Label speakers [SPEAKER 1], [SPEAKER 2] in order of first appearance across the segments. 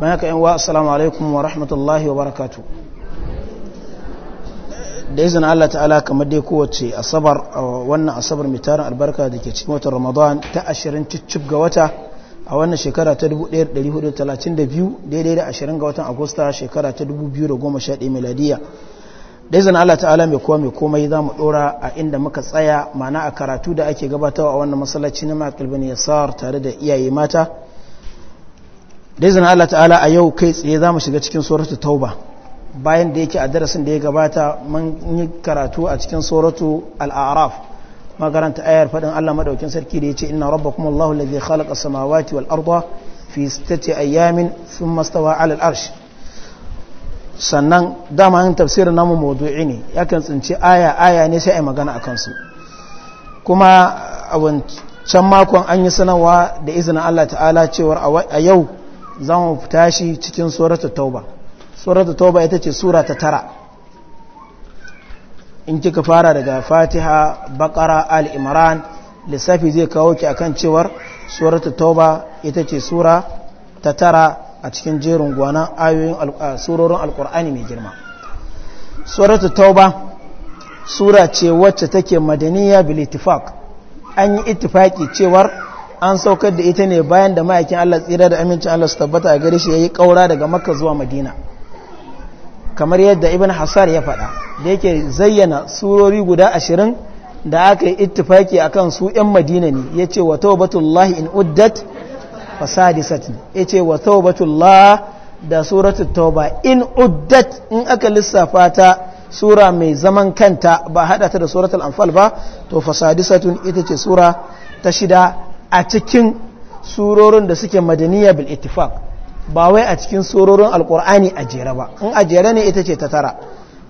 [SPEAKER 1] haka yan wa assalamu alaikum wa rahmatullahi wa barakatu da izinin Allah ta'ala kamar dai kowace asabar wannan asabar mai tarin albarka da ke cikin watan ramadan ta ashirin cicib ga wata a wannan shekara ta 1432 daidai da ashirin ga watan agusta shekara ta 2011 miladiya da izinin Allah ta'ala mai kowa mai komai za mu dora a inda muka tsaya mana a karatu da ake gabatarwa a wannan masallaci na makilbin yasar tare da iyaye mata da izina Allah ta'ala a yau kai tsaye za mu shiga cikin suratu tauba bayan da yake a darasin da ya gabata mun yi karatu a cikin suratu al'araf makaranta ayar faɗin Allah maɗaukin sarki da ya ce ina rabba kuma Allahu alladhi khalaka samawati wal arba fi stati ayyamin yamin sun mastawa alal arshi sannan dama yin tafsirin namu maudu'i ne yakan tsinci aya aya ne sai yi magana a kansu. kuma a wancan makon an yi sanarwa da izinin Allah ta'ala cewar a yau za mu shi cikin suratul tauba suratul tauba ita ce sura ta tara in kika fara daga fatiha bakara al lissafi zai kawo ki akan cewar suratul tauba ita ce sura ta tara a cikin jerin gwanan ayoyin surorin alkur'ani mai girma suratul tauba sura ce wacce take madaniya bilitifak an yi itifaki cewar an saukar da ita ne bayan da ma'aikin Allah tsira da amincin Allah su tabbata a gare shi ya yi kaura daga Makka zuwa Madina kamar yadda Ibn Hasar ya faɗa da yake zayyana surori guda ashirin da aka yi ittifaki kan su yan Madina ne ce wa tawbatullah in uddat fasadisat ce wa da suratul tauba in uddat in aka lissafa ta sura mai zaman kanta ba haɗa ta da suratul anfal ba to fasadisatun ita ce sura ta shida a cikin surorin da suke madaniya bil ittifaq ba wai a cikin surorin al'ƙur'ani a jere ba in a jere ne ita ce ta tara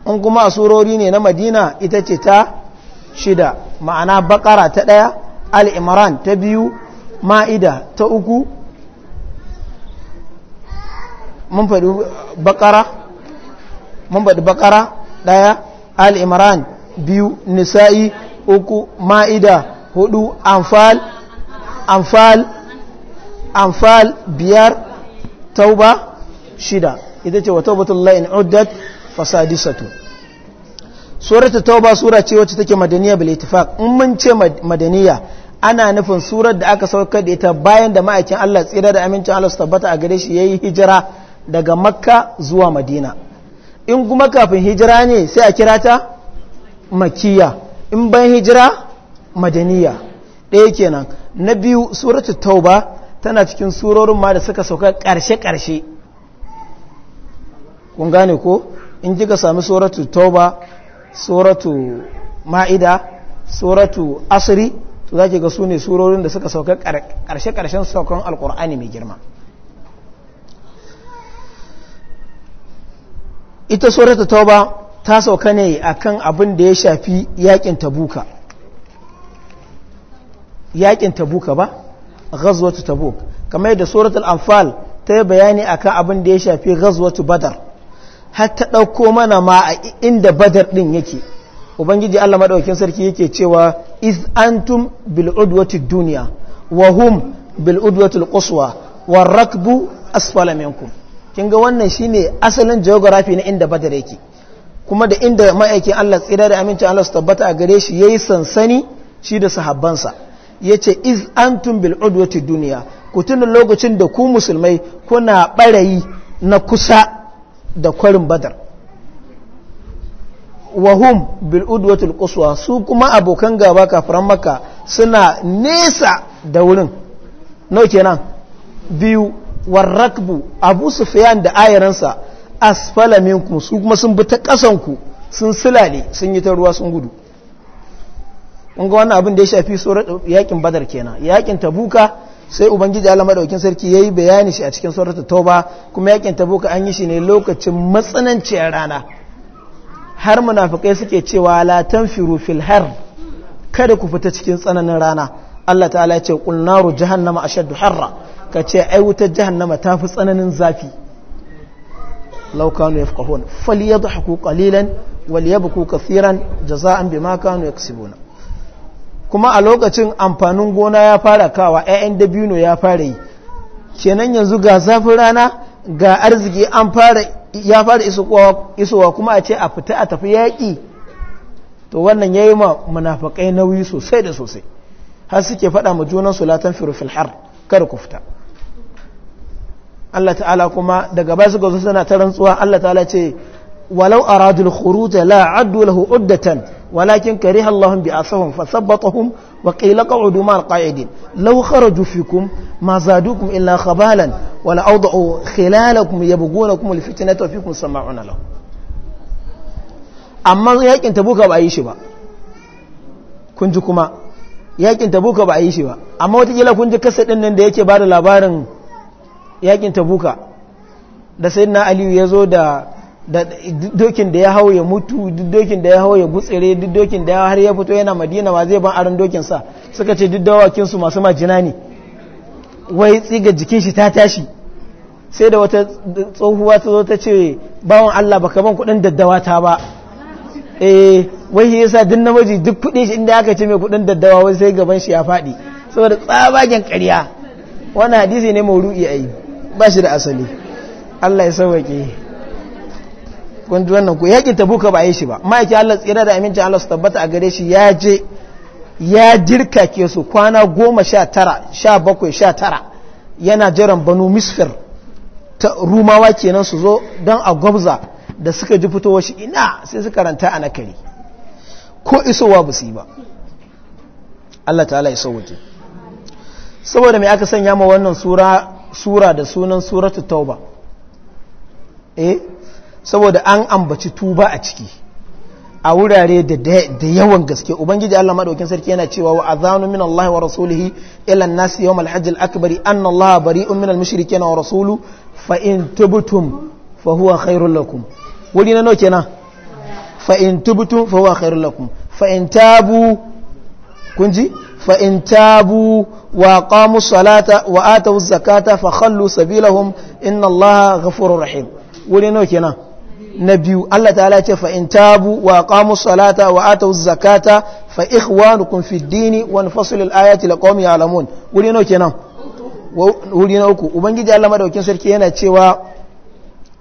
[SPEAKER 1] in kuma a surori ne na madina ita ce ta shida ma'ana baqara ta ɗaya imran ta biyu ma'ida ta uku mun faɗi baqara mun baqara daya ɗaya imran biyu nisa'i uku ma'ida hudu amfal anfal anfal biyar tauba shida ita ce wa taubatul la'in uddat fasadisatu suratul tauba sura ce wacce take madaniya bil itifak in mun ce madaniya ana nufin surar da aka saukar da ita bayan da ma'aikin Allah tsira da amincin Allah su tabbata a gare shi yi hijira daga makka zuwa madina in kuma kafin hijira ne sai a kira ta makiya in ban hijira madaniya ɗaya kenan na biyu suratu tauba tana cikin surorin ma da suka sauka ƙarshe-ƙarshe kun gane ko in ka sami suratu tauba suratu ma'ida suratu asiri to za ga su ne surorin da suka sauka ƙarshe-ƙarshen saukan alƙur'ani mai girma ita suratu tauba ta sauka ne akan abin da ya shafi yakin tabuka yakin tabuka ba ghazwatu tabuk kamar yadda suratul anfal ta yi bayani akan abin da ya shafi ghazwatu badar har ta ɗauko mana ma a inda badar ɗin yake ubangiji allah maɗaukin sarki yake cewa iz antum bil udwati duniya wa hum bil udwati quswa wa rakbu asfala minkum kin ga wannan shine asalin geography na inda badar yake kuma da inda ma'aikin allah tsira da amincin allah su tabbata a gare shi yayi sansani shi da sahabbansa ya ce iz tun bil udwati duniya ku tuna lokacin da ku musulmai kuna barayi na kusa da kwarin badar wahum bil udwatul quswa su kuma abokan gaba kafiran maka suna nesa da wurin nau kenan biyu warrakbu abu sufyan da ayaransa asfalaminku minkum su kuma sun bi ta kasanku sun silale sun yi ta ruwa sun gudu kun ga wannan abin da ya shafi yakin badar kenan yakin tabuka sai ubangiji Allah madaukin sarki yayi bayani shi a cikin suratul tauba kuma yakin tabuka an yi shi ne lokacin matsananciyar rana har munafikai suke cewa la tanfiru fil har kada ku fita cikin tsananin rana Allah ta'ala ya ce qul naru jahannama ashaddu harra kace ai wutar jahannama ta fi tsananin zafi law kanu yafqahun falyadhaku qalilan walyabku kaseeran jaza'an bima kanu yaksibuna kuma a lokacin amfanin gona ya fara kawa 'ya'yan dabino ya fara yi kenan yanzu ga zafin rana ga arziki an fara ya fara isowa kuma a ce a fita a tafi yaƙi to wannan ya yi ma munafakai nauyi sosai da sosai har suke faɗa ma junan sulatan firufil har kar ku fita Allah ta'ala kuma daga ba su ga suna ta rantsuwa Allah ta'ala ce ولو أرادوا الخروج لا عدوا له عدة ولكن كره الله بأسهم فثبطهم وقيل قعدوا مع القائدين لو خرجوا فيكم ما زادوكم إلا خبالا ولأوضعوا خلالكم يبغونكم الفتنة وفيكم سماعون له أما يكن تبوك بأي شبا كنتكما yakin tabuka ba a yi shi ba amma watakila kun ji kasa ɗin nan da yake ba da labarin yakin tabuka da sai na aliyu ya zo da dokin da ya hau ya mutu duk dokin da ya hau ya gutsire dokin da har ya fito yana madina ma zai ban aron dokin sa suka ce duk dawakin masu majina ne wai tsiga jikin shi ta tashi sai da wata tsohuwa ta zo ta ce bawon Allah baka ban kudin daddawa ta ba eh wai shi yasa duk namiji duk kudi shi inda aka ce mai kudin daddawa wai sai gaban shi ya fadi saboda tsabagen ƙarya wannan hadisi ne mauru'i ai ba shi da asali Allah ya sauke kun ji wannan ku ta tabuka ba a yi shi ba ma'aikin Allah tsira da amincin Allah su tabbata a gare shi ya je ya jirka ke su kwana goma sha tara sha bakwai sha tara yana jiran banu misfir ta rumawa kenan su zo don a gwabza da suka ji fitowa shi ina sai suka ranta a nakari ko isowa ba su yi ba Allah ta'ala ya sauwake saboda mai aka sanya ma wannan sura da sunan suratu tauba eh, saboda an ambaci tuba a ciki a wurare da yawan gaske ubangiji Allah madaukin sarki yana cewa wa azanu min Allah wa rasulihi ila an-nas yawm al-hajj al-akbar anna Allah bari'un min al-mushrikeen wa rasulu fa in tubtum fa huwa khairul lakum wuri na nawa kenan fa in tubtum fa huwa khairul lakum fa in tabu kun ji fa in tabu wa qamu salata wa atu zakata fa khallu sabilahum inna Allah ghafurur rahim wuri nawa kenan na biyu Allah ta'ala ce fa in tabu wa qamu salata wa ata zakata fa ikhwanukum fi dini wa nufassil al-ayati liqaumin ya'lamun wuri nawa kenan wuri na uku ubangiji Allah madaukin sarki yana cewa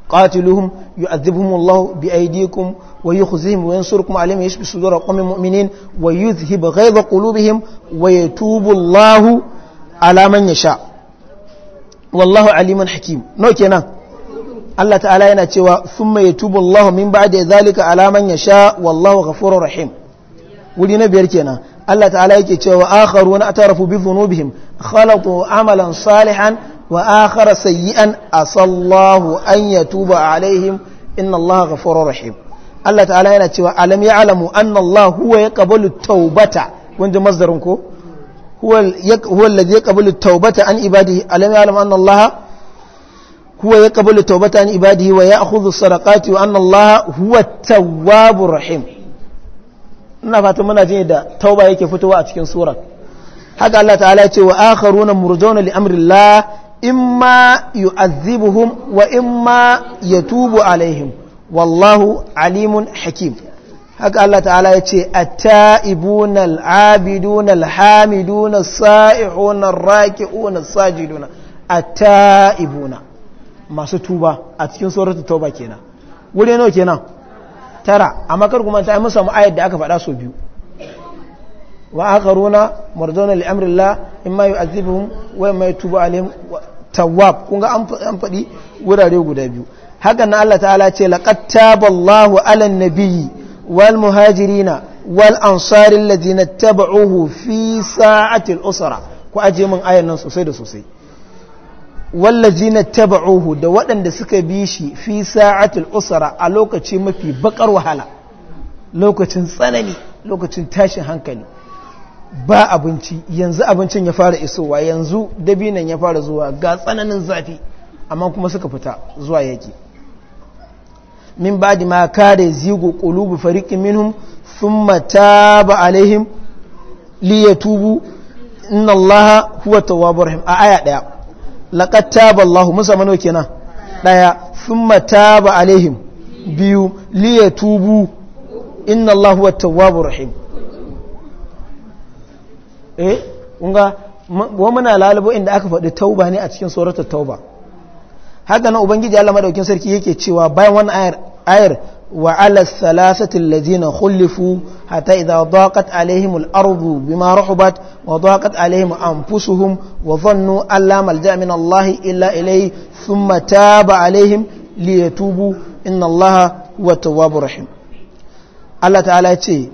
[SPEAKER 1] qatiluhum yu'adhibuhum Allah bi aydikum wa yukhzihim wa yansurukum alayhim yashbi sudur qaumin mu'minin wa yuzhib ghayza qulubihim wa yatubu Allah ala man yasha wallahu alimun hakim nawa kenan Allah ta'ala yana cewa sun mai tubu Allah min ba da zalika alaman ya sha wallahu ghafurur rahim wuri na biyar kenan Allah ta'ala yake cewa akharu na atarafu bi dhunubihim khalatu amalan salihan wa akhara sayyi'an asallahu an yatuba alaihim inna Allah ghafurur rahim Allah ta'ala yana cewa alam ya'lamu anna Allah huwa yaqbalu taubata wanda masdarin ko huwa huwa alladhi yaqbalu taubata an ibadihi alam ya'lamu anna Allah huwa ya kabalu taubatan ibadihi wa ya akhudhu sadaqati wa anna Allah huwa tawwabur rahim ina fatan muna jin da tauba yake fitowa a cikin surar haka Allah ta'ala ya ce wa akharuna murjauna li amrillah imma yu'azzibuhum wa imma yatubu alaihim wallahu alimun hakim haka Allah ta'ala ya ce atta'ibuna al'abiduna alhamiduna sa'i'una raki'una sajiduna atta'ibuna masu tuba a cikin suratul tauba kenan wuri nawa kenan tara amma kar kuma ta mun samu ayat da aka faɗa so biyu wa akharuna marduna li amrillah imma yu'adhibuhum wa imma yatubu alaihim tawwab kun ga an faɗi wurare guda biyu haka na Allah ta'ala ce laqad taballahu 'alan nabiyyi wal muhajirina wal ansari alladhina tabauhu fi sa'atil usra ku aje min ayan nan sosai da sosai wallazina taba'uhu da waɗanda suka bi shi fi sa'atul usra a lokaci mafi bakar wahala lokacin tsanani lokacin tashin hankali ba abinci yanzu abincin ya fara isowa yanzu dabinan ya fara zuwa ga tsananin zafi amma kuma suka fita zuwa yaki min ba ma kare zigo kulubu fariƙin minhum sun mata ba alaihim liyatubu inna allaha huwa tawwabur rahim a aya ɗaya laqad taba Allahu mun samu nawa kenan ɗaya thumma taba alaihim biyu liya tubu inna Allahu wa tawabu rahim eh kunga wa muna lalabo inda aka faɗi tauba ne a cikin tsoratar tauba haka nan ubangiji Allah madaukin sarki yake cewa bayan wannan ayar وعلى الثلاثة الذين خلفوا حتى إذا ضاقت عليهم الأرض بما رحبت وضاقت عليهم أنفسهم وظنوا أن لا ملجأ من الله إلا إليه ثم تاب عليهم ليتوبوا إن الله هو التواب الرحيم الله تعالى يتي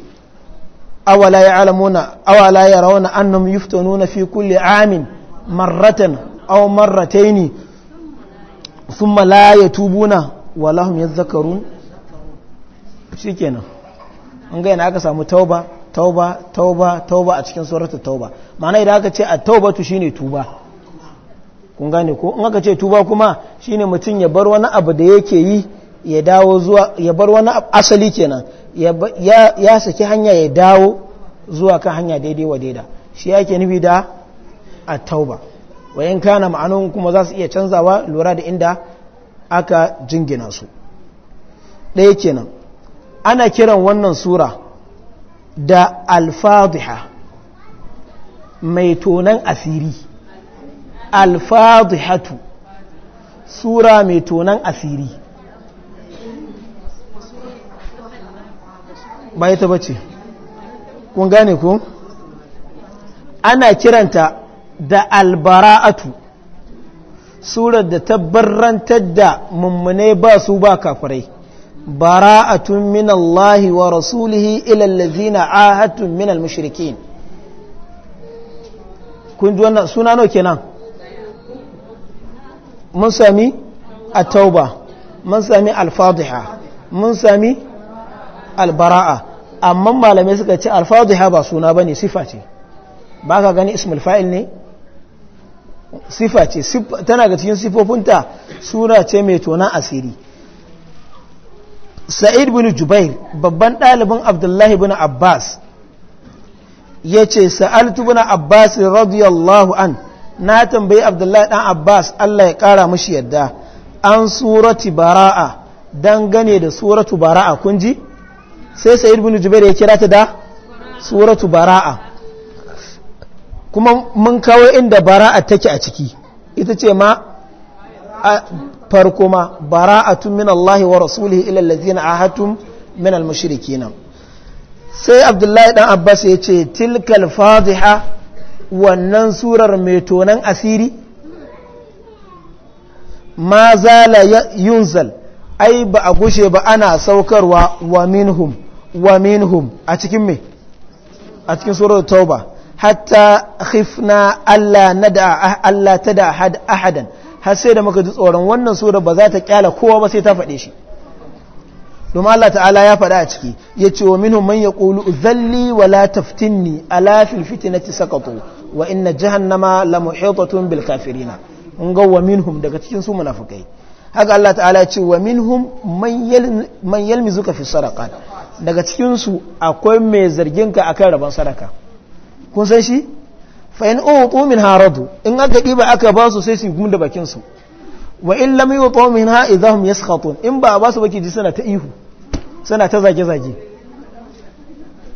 [SPEAKER 1] أولا يعلمون أولا يرون أنهم يفتنون في كل عام مرة أو مرتين ثم لا يتوبون ولهم يذكرون shi kenan an gaya na aka samu tauba tauba tauba tauba a cikin saurata tauba mana idan aka ce a tauba tu shine tuba kun gane ko in aka ce tuba kuma shine mutum ya bar wani abu da yake yi ya dawo zuwa ya bar wani asali kenan ya saki hanya ya dawo zuwa kan hanya daidai wa daida shi yake nufi da a tauba wa kana ma'anun kuma za su iya canzawa lura da inda aka jingina su ɗaya kenan ana kiran wannan sura da alfadiha mai tonan asiri alfadihatu sura mai tonan asiri ba ita bace kun gane ku ana kiranta da albara'atu surar da tabbarantar da mummune ba su ba kafirai bara'atun min Allah wa rasulihi ila allazina ahadtum min al-mushrikin kun ji wannan suna nawa kenan mun sami at-tauba mun sami al-fadiha mun sami al-bara'a amma malamai suka ce al-fadiha ba suna bane sifa ce ba ka gani ismul fa'il ne sifa ce tana ga cikin sifofinta sura ce mai tona asiri sa'id bin jubair babban ɗalibin abdullahi bin abbas ya ce sa'altu bin abbas radiyallahu an na tambayi abdullahi ɗan abbas allah ya ƙara mashi yadda an surati bara'a dangane da suratu bara'a kun ji sai sa'id bin jubair ya kira ta da suratu bara'a kuma mun kawo inda bara'a take a ciki ita ce ma farko ma bara'atun min Allah wa rasulihi ila allazina ahadtum min al sai Abdullahi dan Abbas ya ce tilkal fadiha wannan surar mai tonan asiri ma zala yunzal ai ba a gushe ba ana saukarwa wa minhum wa minhum a cikin me a cikin surar tauba hatta khifna alla nada alla tada ahadan har sai da muka ji tsoron wannan sura ba za ta kyala kowa ba sai ta faɗe shi domin Allah ta'ala ya faɗa a ciki ya ce wa minhum man ya yaqulu zalli wa la taftinni ala fil fitnati sakatu wa inna jahannama la muhitatun bil kafirina in ga wa minhum daga cikin su munafikai haka Allah ta'ala ya ce wa minhum man yalmizuka fi sadaqat daga cikin su akwai mai zargin ka akan rabon sadaka kun san shi fa in utu haradu in aka diba aka ba su sai su gumda bakin su wa in lam yutu minha idahum yaskhatun in ba ba su baki ji suna ta ihu suna ta zage zage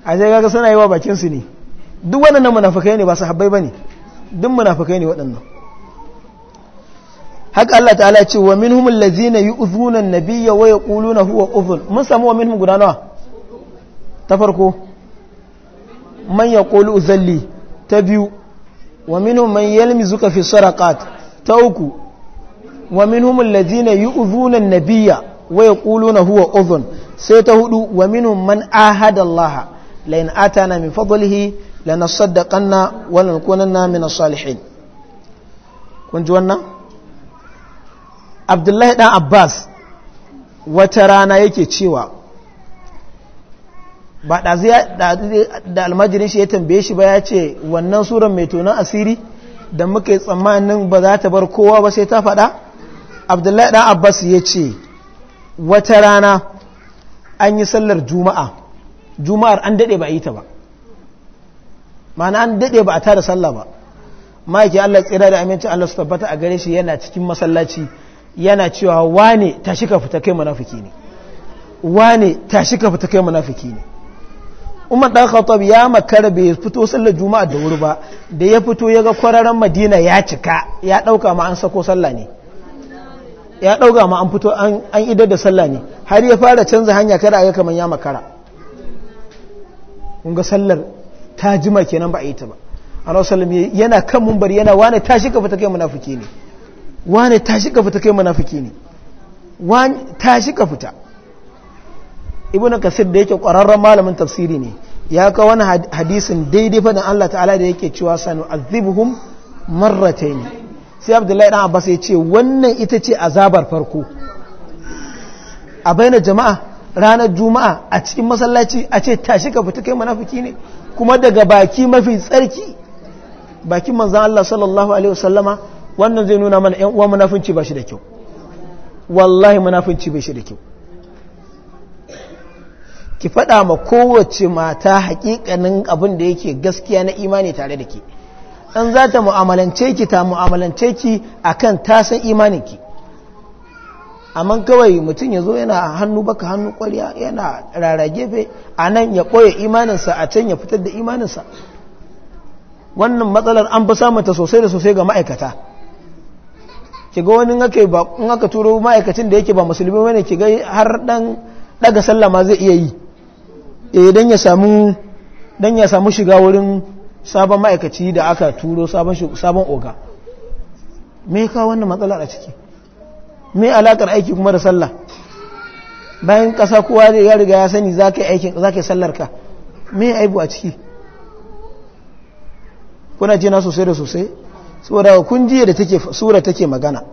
[SPEAKER 1] a sai kaga suna yi wa bakin ne duk waɗannan munafikai ne ba su habbai bane duk munafikai ne waɗannan haka Allah ta'ala ya ce wa minhum allazina yu'dhuna an-nabiyya wa yaquluna huwa udhun mun samu wa minhum guda nawa ta farko man yaqulu uzalli ta biyu wa minhum man yalmizuka fi sadaqat ta uku wa minhum alladhina yu'dhuna an-nabiyya wa yaquluna huwa udhun sai ta hudu wa minhum man ahada Allah la in atana min fadlihi lanasaddaqanna wa lanakunanna min as-salihin kun ji wannan Abdullahi ɗan Abbas wata rana yake cewa ba zai da almajirin shi ya tambaye shi ba ya ce wannan suran mai tonon asiri da muke tsammanin ba za ta bar kowa ba sai ta faɗa abdullahi ɗan abbas ya ce wata rana an yi sallar juma'a juma'ar an daɗe ba a yi ta ba ma'ana an daɗe ba a tara sallah ba ma'aiki allah tsira da aminci allah su tabbata a gare shi yana cikin masallaci yana cewa wane tashi ka fita kai munafiki ne umar ɗan khattab ya makara bai fito sallar juma'a da wuri ba da ya fito ya ga kwararren madina ya cika ya ɗauka ma an sako sallah ne ya ɗauka ma an fito an idar da sallah ne har ya fara canza hanya kada ga kamar ya makara kun ga sallar ta jima kenan ba a yi ta ba annabi sallallahu yana kan mumbar yana wani tashi ka fita kai munafiki ne wani tashi ka fita kai munafiki ne wani tashi ka fita ibnu kasir da yake ƙwararren malamin tafsiri ne ya ka wani hadisin daidai faɗin Allah ta'ala da yake cewa sanu azibhum marratayn sai abdullahi dan abbas ya ce wannan ita ce azabar farko a baina jama'a ranar juma'a a cikin masallaci a ce tashi ka fita kai munafiki ne kuma daga baki mafi tsarki bakin manzon Allah sallallahu alaihi wasallama wannan zai nuna mana ƴan uwa munafinci ba shi da kyau wallahi munafinci bai shi da kyau ki faɗa ma kowace mata hakikanin abin da yake gaskiya na imani tare da ke an za ta mu'amalance ki ta mu'amalance ki akan tasan imaninki amma kawai mutum ya zo yana hannu baka hannu kwariya yana rara gefe a nan ya ɓoye imaninsa a can ya fitar da imaninsa wannan matsalar an fi samunta sosai da sosai ga ma'aikata ki ga wani in aka turo ma'aikacin da yake ba musulmi wani ki ga har ɗan ɗaga sallama zai iya yi eh dan ya samu shiga wurin sabon ma'aikaci da aka turo sabon oga me ka wannan matsalar a ciki me alakar aiki kuma da sallah bayan kasa kowa da ya riga ya sani za ka yi sallarka? za aibu a ciki kuna jina sosai da sosai saboda kun da take sura take magana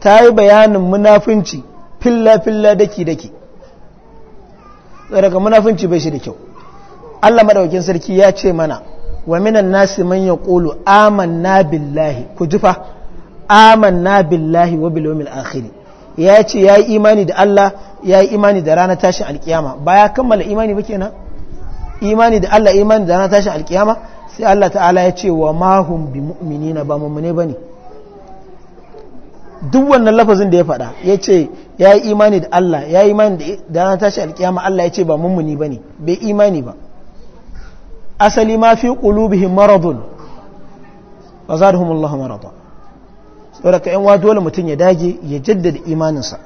[SPEAKER 1] ta yi bayanin munafunci filla filla daki daki daga munafunci bai shi da kyau Allah madaukakin sarki ya ce mana wa minan nasi man yaqulu amanna billahi ku jufa amanna billahi wa bil yawmil akhir ya ce ya yi imani da Allah ya yi imani da ranar tashin alkiyama ba ya kammala imani ba kenan imani da Allah imani da ranar tashin alkiyama sai Allah ta'ala ya ce wa mahum bi mu'minina ba mummune bane duk wannan lafazin da ya faɗa ya ce ya yi imani da Allah ya yi imani da ya tashi alkiyama Allah ya ce ba mummuni ba ne bai imani ba asali ma fi ƙulubihin maradun ba za da humullah maradun da ka wato dole mutum ya dage ya jaddada imaninsa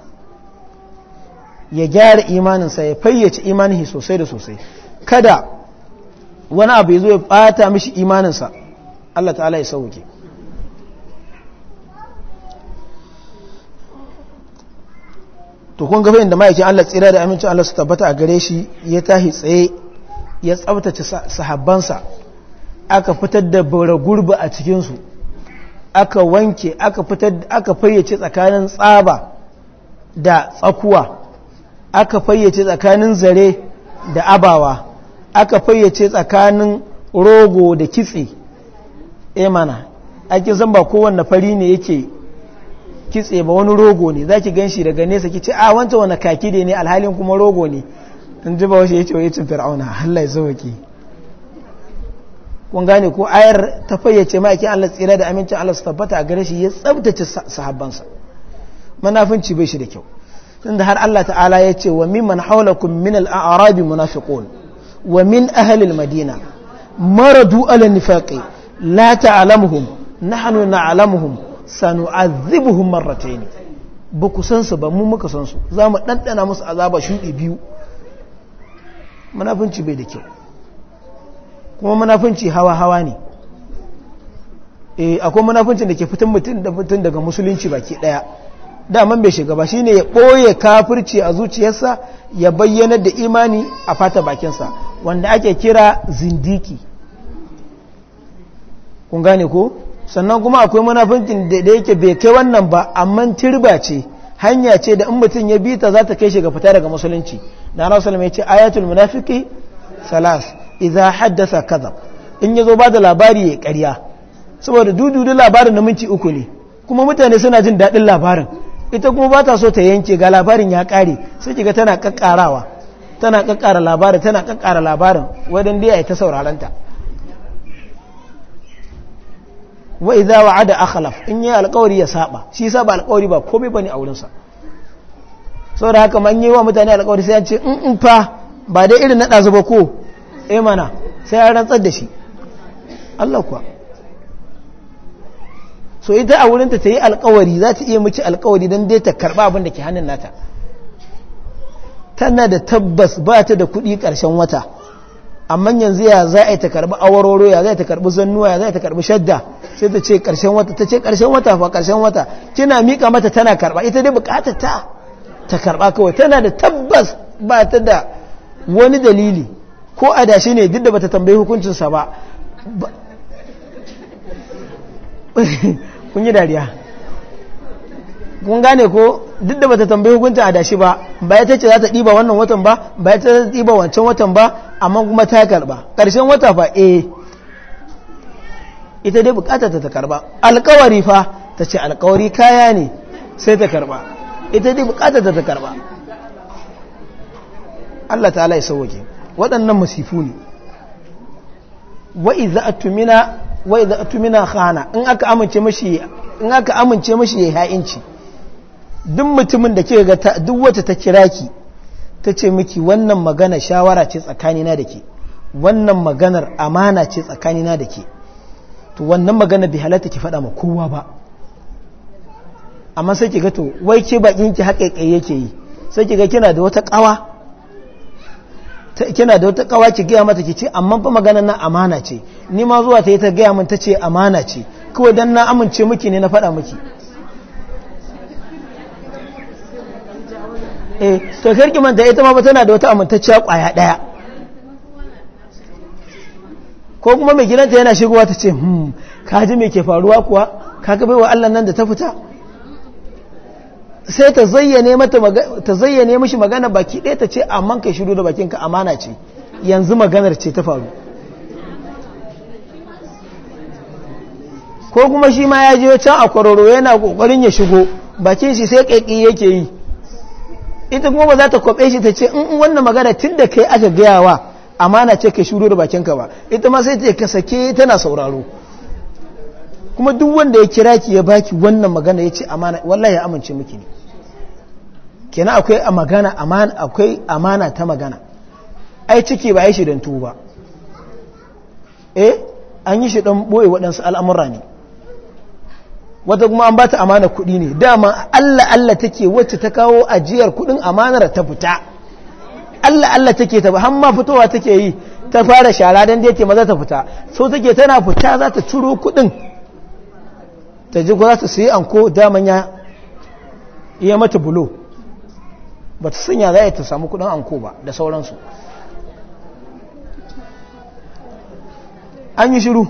[SPEAKER 1] ya gyara imaninsa ya fayyace imanihi sosai da sosai kada wani abu ya zo ya ɓata mishi imaninsa Allah ta'ala ya sauke to kun ga da ma'aikin Allah tsira da amincin Allah su tabbata a gare shi ya tahi tsaye ya tsabtace sahabbansa aka fitar da bara gurbi a cikinsu aka wanke aka fitar aka fayyace tsakanin tsaba da tsakuwa aka fayyace tsakanin zare da abawa aka fayyace tsakanin rogo da kitse eh mana ake zan ba kowanne fari ne yake kitse ba wani rogo ne za ki ganshi daga nesa ki ce a ah, wanta wani kaki ne alhalin kuma rogo ne in ji ba wasu ya ce wa yacin fir'auna Allah ya sauke kun gane ko ayar ta fayyace ma'aikin Allah tsira da amincin Allah su tabbata a gare shi ya tsabtace sahabbansa manafinci bai shi da kyau tunda har Allah ta'ala ya ce wa mimman haulakum min al-a'rabi munafiqun wa min ahli al-madina maradu ala nifaqi la ta'lamuhum nahnu na'lamuhum sanu'adhibuhum marratayn ba ku san su ba mu muka san su za mu ɗanɗana musu azaba shuɗi biyu munafunci bai da kyau kuma munafunci hawa-hawa ne e akwai munafuncin da ke fitan mutum da fitan daga musulunci baki ɗaya daman bai shiga ba shine ya ɓoye kafirci a zuciyarsa ya bayyana da imani a fata bakinsa wanda ake kira zindiki kun gane ko sannan kuma akwai munafincin da yake bai kai wannan ba amma tirba ce hanya ce da in mutum ya bi ta za ta kai shi ga fita daga musulunci na na sallama ya ce ayatul munafiki salas idza haddasa kaza in yazo ba da labari ya karya saboda dududu labarin na minti uku ne kuma mutane suna jin daɗin labarin ita kuma ba ta so ta yanke ga labarin ya ƙare sai kiga tana kakkarawa tana kakkara labarin tana kakkara labarin wadanda ya yi ta sauraranta wa idza wa'ada akhlaf in yi alƙawari ya saba shi saba ba alƙawari ba komai bane a wurin sa saboda haka man yi wa mutane alƙawari sai an ce in in fa ba dai irin nada zuba ko eh mana sai an rantsar da shi Allah kuwa so ita a wurinta ta yi alƙawari za ta iya miki alƙawari dan dai ta karba abin da ke hannun nata tana da tabbas ba ta da kuɗi ƙarshen wata amma yanzu ya za a yi ta karɓi awaroro ya za a ta karɓi zannuwa ya za a ta karɓi shadda sai ta ce karshen wata ta ce karshen wata fa karshen wata kina mika mata tana karba ita dai bukatar ta ta karba kawai tana da tabbas ba ta da wani dalili ko adashi ne duk da bata tambayi sa ba kun yi dariya kun gane ko duk da bata tambayi hukuncin adashi ba ba ta ce za ta ɗiba wannan watan ba baya ta ɗiba wancan watan ba amma kuma ta karba ƙarshen wata fa eh ita dai bukata ta karba alkawari fa ta ce alkawari kaya ne sai ta karba ita dai bukata ta karba Allah ta'ala ya sauwake waɗannan masifu ne wai za atumina tumina khana in aka amince mashi in aka amince mashi yayi ha'inci duk mutumin da kika ga duk wata ta kira ki ta ce miki wannan magana shawara ce tsakanina da ke wannan maganar amana ce tsakanina da ke to wannan magana bai halatta ki faɗa ma kowa ba amma sai ki ga to wai ke bakin ki haƙaƙai yake yi sai ki ga kina da wata ƙawa kina da wata ƙawa ki gaya mata ki ce amma fa magana na amana ce ni ma zuwa ta yi ta gaya min ta ce amana ce kawai dan na amince miki ne na faɗa miki eh to karki manta ita ma ba tana da wata amintacciya ƙwaya ɗaya ko kuma mai gidanta yana shigowa ta ce hmm ka ji mai ke faruwa kuwa ka ga baiwa Allah nan da ta fita sai ta zayyane mashi mishi magana baki ɗaya ta ce amma kai shiru da bakinka amana ce yanzu maganar ce ta faru ko kuma shi ma ya je can a kwararo yana kokarin ya shigo bakin shi sai kaikai yake yi ita kuma ba za ta kwabe shi ta ce in mm, mm, wannan magana tun da kai aka gayawa amana ce ka shuru da bakinka ba ita ma sai ta sake tana sauraro kuma duk wanda ya kira ki ya baki wannan magana ya ce amana wallahi ya amince miki ne kenan akwai a magana amana akwai amana ta magana ai ciki ba ai shi dan ba eh an yi shi dan boye waɗansu al'amura ne wata kuma an bata amana kuɗi ne dama Allah Allah take wacce ta kawo ajiyar kuɗin amanar ta fita Allah Allah take ta har ma fitowa take yi ta fara shara dan da ce maza ta fita so take tana fita za ta ciro kudin ta ji za ta sayi anko daman ya iya mata bulo ba ta sanya za ta samu kudin anko ba da sauransu an yi shiru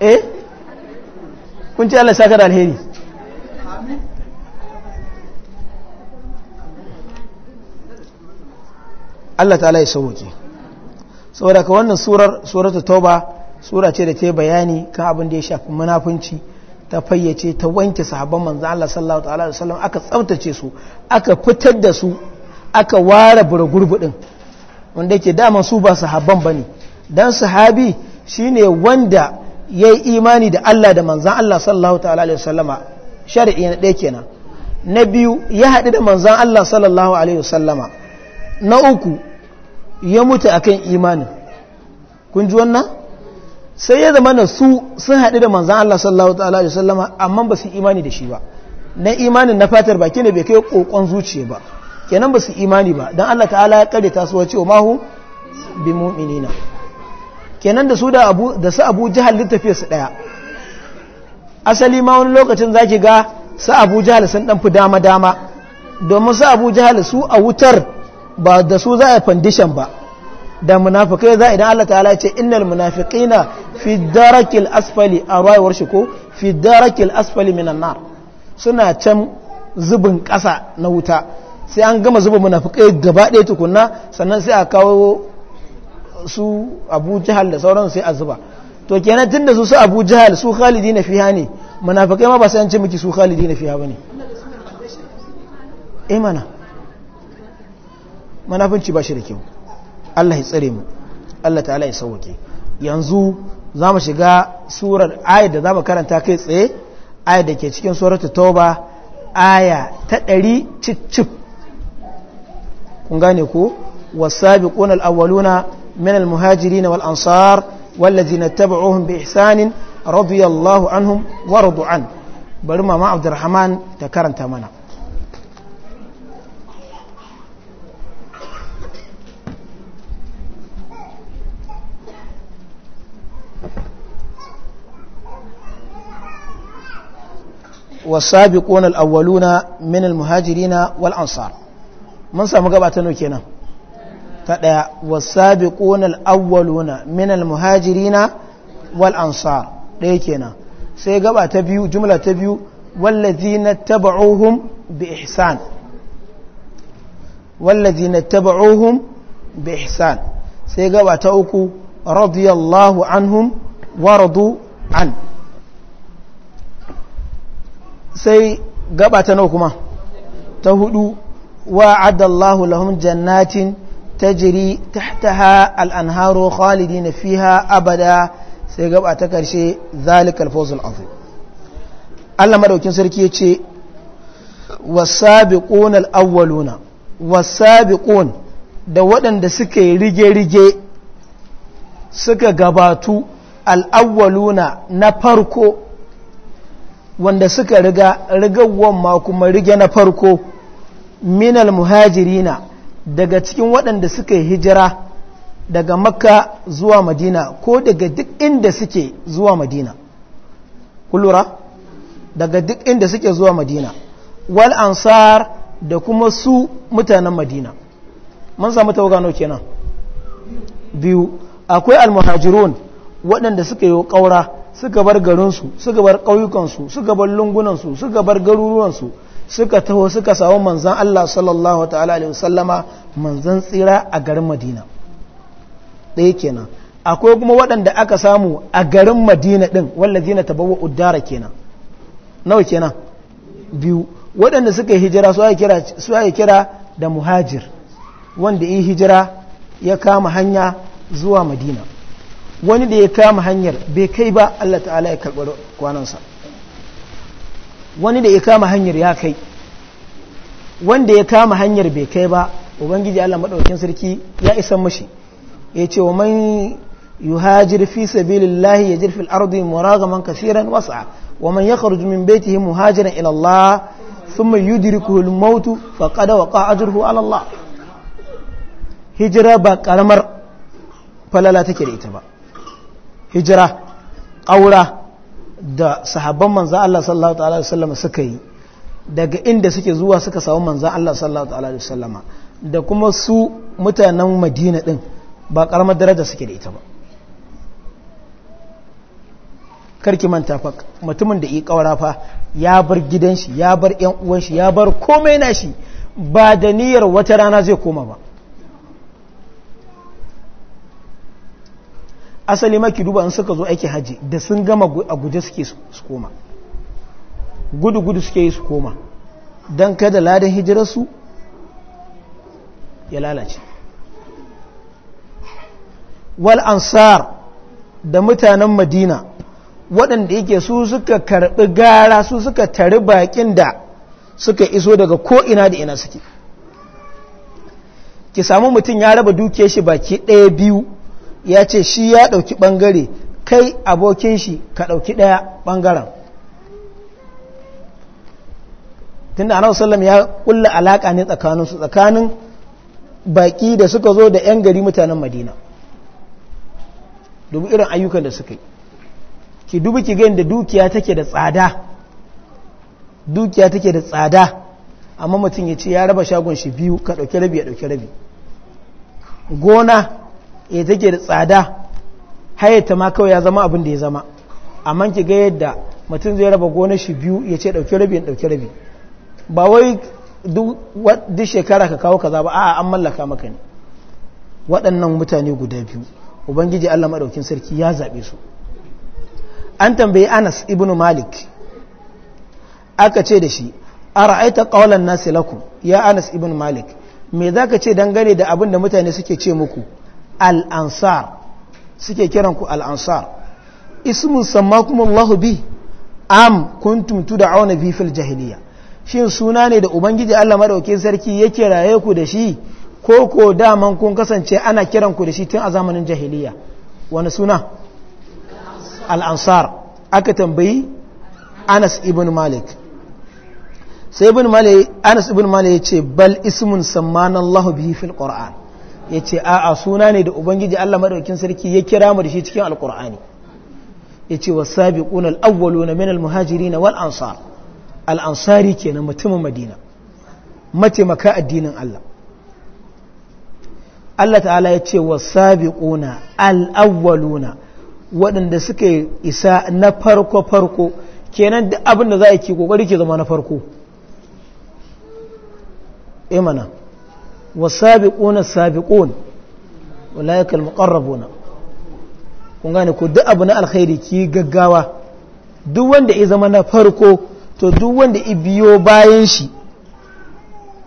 [SPEAKER 1] eh kun ce Allah saka da alheri Allah ta'ala ya sauke saboda ka wannan surar suratul tauba sura ce da ke bayani kan abin da ya shafi munafunci ta fayyace ta wanke sahabban manzo Allah sallallahu ta'ala alaihi wasallam aka tsaftace su aka fitar da su aka ware burgurbudin wanda yake dama su ba sahabban bane dan sahabi shine wanda yayi imani da Allah da manzo Allah sallallahu ta'ala alaihi wasallama shar'i na ɗaya kenan na biyu ya haɗu da manzon Allah sallallahu alaihi wasallama na uku ya mutu akan imanin kun ji wannan sai ya zama na su sun haɗu da manzan Allah sallallahu ta'ala da sallama amma ba su imani da shi ba na imanin na fatar baki ne bai kai ƙoƙon zuciya ba kenan ba su imani ba don Allah ta'ala ya ƙare ta suwa cewa mahu bi mu'minina kenan da su da abu da su abu jihar littafi su ɗaya asali ma wani lokacin zaki ga su abu jihar sun ɗan fi dama dama domin su abu jihar su a wutar ba da su za a fandishan ba da munafikai za idan Allah ta'ala ce innal munafiqina fi darakil asfali a rayuwar shi ko fi darakil asfali minan nar suna can zubin kasa na wuta sai an gama zuba munafikai gaba ɗaya tukunna sannan sai a kawo su Abu Jahal da sauran sai a zuba to kenan tunda su su Abu Jahal su khalidina fiha ne munafikai ma ba sai an ce miki su khalidina fiha bane eh manafinci ba shi da kyau Allah ya tsare mu Allah ta'ala ya sauke yanzu za mu shiga surar ayat da za mu karanta kai tsaye ayat da ke cikin suratul tauba aya ta ɗari ciccip kun gane ko wasabiquna al-awwaluna min al-muhajirin wal ansar ohun tabi'uhum bi ihsanin radiyallahu anhum wa radu an bari mama abdurrahman ta karanta mana والسابقون الأولون من المهاجرين والأنصار من سامو غباتا نو كينا تدا والسابقون الأولون من المهاجرين والأنصار ديه كينا سي غباتا بيو جملة تبيو والذين تبعوهم بإحسان والذين تبعوهم بإحسان سي غباتا أوكو رضي الله عنهم ورضوا عنه sai gaba ta nawa kuma ta hudu wa adallahu lahum jannatin tajri tahtaha al-anharu khalidin fiha abada sai gaba ta karshe zalikal fawzul azim Allah madaukin sarki ce wasabiqun al wasabiqun da waɗanda suka yi rige-rige suka gabatu al na farko wanda suka riga rigawan ma kuma rige na farko minal muhajirina daga cikin waɗanda suka yi hijira daga makka zuwa madina ko daga duk inda suke zuwa madina kullura daga duk inda suke zuwa madina wal ansar da kuma su mutanen madina mun samu tawagano kenan biyu akwai al-muhajirun waɗanda suka yi ƙaura suka bar garinsu suka bar ƙauyukansu suka bar lungunansu suka bar garuruwansu suka taho suka samu manzan Allah sallallahu ta'ala alaihi wasallama manzan tsira a garin Madina ɗaya kenan akwai kuma waɗanda aka samu a garin Madina ɗin na tabawwa uddara kenan nawa kenan biyu waɗanda suka yi hijira su kira su kira da muhajir wanda yi hijira ya kama hanya zuwa Madina wani da ya kama hanyar bai kai ba Allah ta'ala ya karɓar kwanansa wani da ya kama hanyar ya kai wanda ya kama hanyar bai kai ba ubangiji Allah maɗaukin sarki ya isan mashi ya ce wa man yuhajir fi sabilillahi yajir fil ardi muragaman kaseeran wasa wa man yakhruju min baytihi muhajiran ila Allah thumma yudrikuhu al-maut faqad waqa ajruhu ala Allah hijira ba karamar falala take da ita ba hijira ƙaura da sahabban manzan Allah sallallahu Alaihi da suka yi daga inda suke zuwa suka samu manzan Allah sallallahu Alaihi da da kuma su mutanen madina ɗin ba ƙaramar daraja suke da ita ba karki manta fa mutumin da yi ƙaura fa ya bar gidan shi ya bar 'yan uwanshi ya bar komai na shi ba da niyyar wata rana zai koma ba asali maki duba in suka zo aiki haji da sun gama a guje suke su koma gudu gudu suke yi su koma don kada ladin hijirarsu ya lalace wal ansar da mutanen madina waɗanda yake su suka karɓi gara su suka tari bakin da suka iso daga ko'ina da ina suke ki samu mutum ya raba duke shi baki ɗaya biyu ya ce shi ya ɗauki ɓangare kai abokin shi ka ɗauki ɗaya ɓangaren tunda anan sallam ya ƙulla alaƙa ne tsakaninsu tsakanin baƙi da suka zo da 'yan gari mutanen madina dubu irin ayyukan da suka yi ki dubi ki gani da dukiya take da tsada dukiya take da tsada amma mutum ya ce ya raba shagon shi biyu ka ɗauki rabi ya ɗauki rabi gona ya take da tsada hayata ma kawai ya zama abin da ya zama amma ki ga yadda mutum zai raba gonar shi biyu ya ce ɗauki rabi ɗauki rabi ba wai duk shekara ka kawo kaza ba a'a an mallaka maka ne waɗannan mutane guda biyu ubangiji Allah maɗaukin sarki ya zaɓe su an tambayi Anas ibn Malik aka ce da shi a ra'aita ƙaunar nasi lakum ya Anas ibn Malik me zaka ce dangane da abin da mutane suke ce muku al'ansar suke kiran ku al'ansar ismin sammakumullahu bi am kun kuntum da auna bifil jahiliya shin suna ne da ubangiji allah maɗauki sarki ya raye ku da shi ko ko daman kun kasance ana kiran ku da shi tun a zamanin jahiliya wani suna al'ansar aka tambayi anas ibn malik sai ibn malik anas ibn malik ya ce bal ismin sammanan lahu fil qur'an ya ce a'a suna ne da ubangiji allah maɗaukin sarki ya kira mu da shi cikin al'kur'ani ya ce sabi ƙunar awwalo na minal muhajiri na wal ansar al'ansari ke na mutumin madina mataimaka addinin allah allah ta'ala ya ce sabi kuna al'awwalo na waɗanda suka isa na farko-farko kenan da abin da za a ke ƙoƙari ke zama na farko imana eh, والسابقون السابقون أولئك المقربون kun gane ko duk abu na alkhairi ki gaggawa duk wanda ya zama na farko to duk wanda ya biyo bayan shi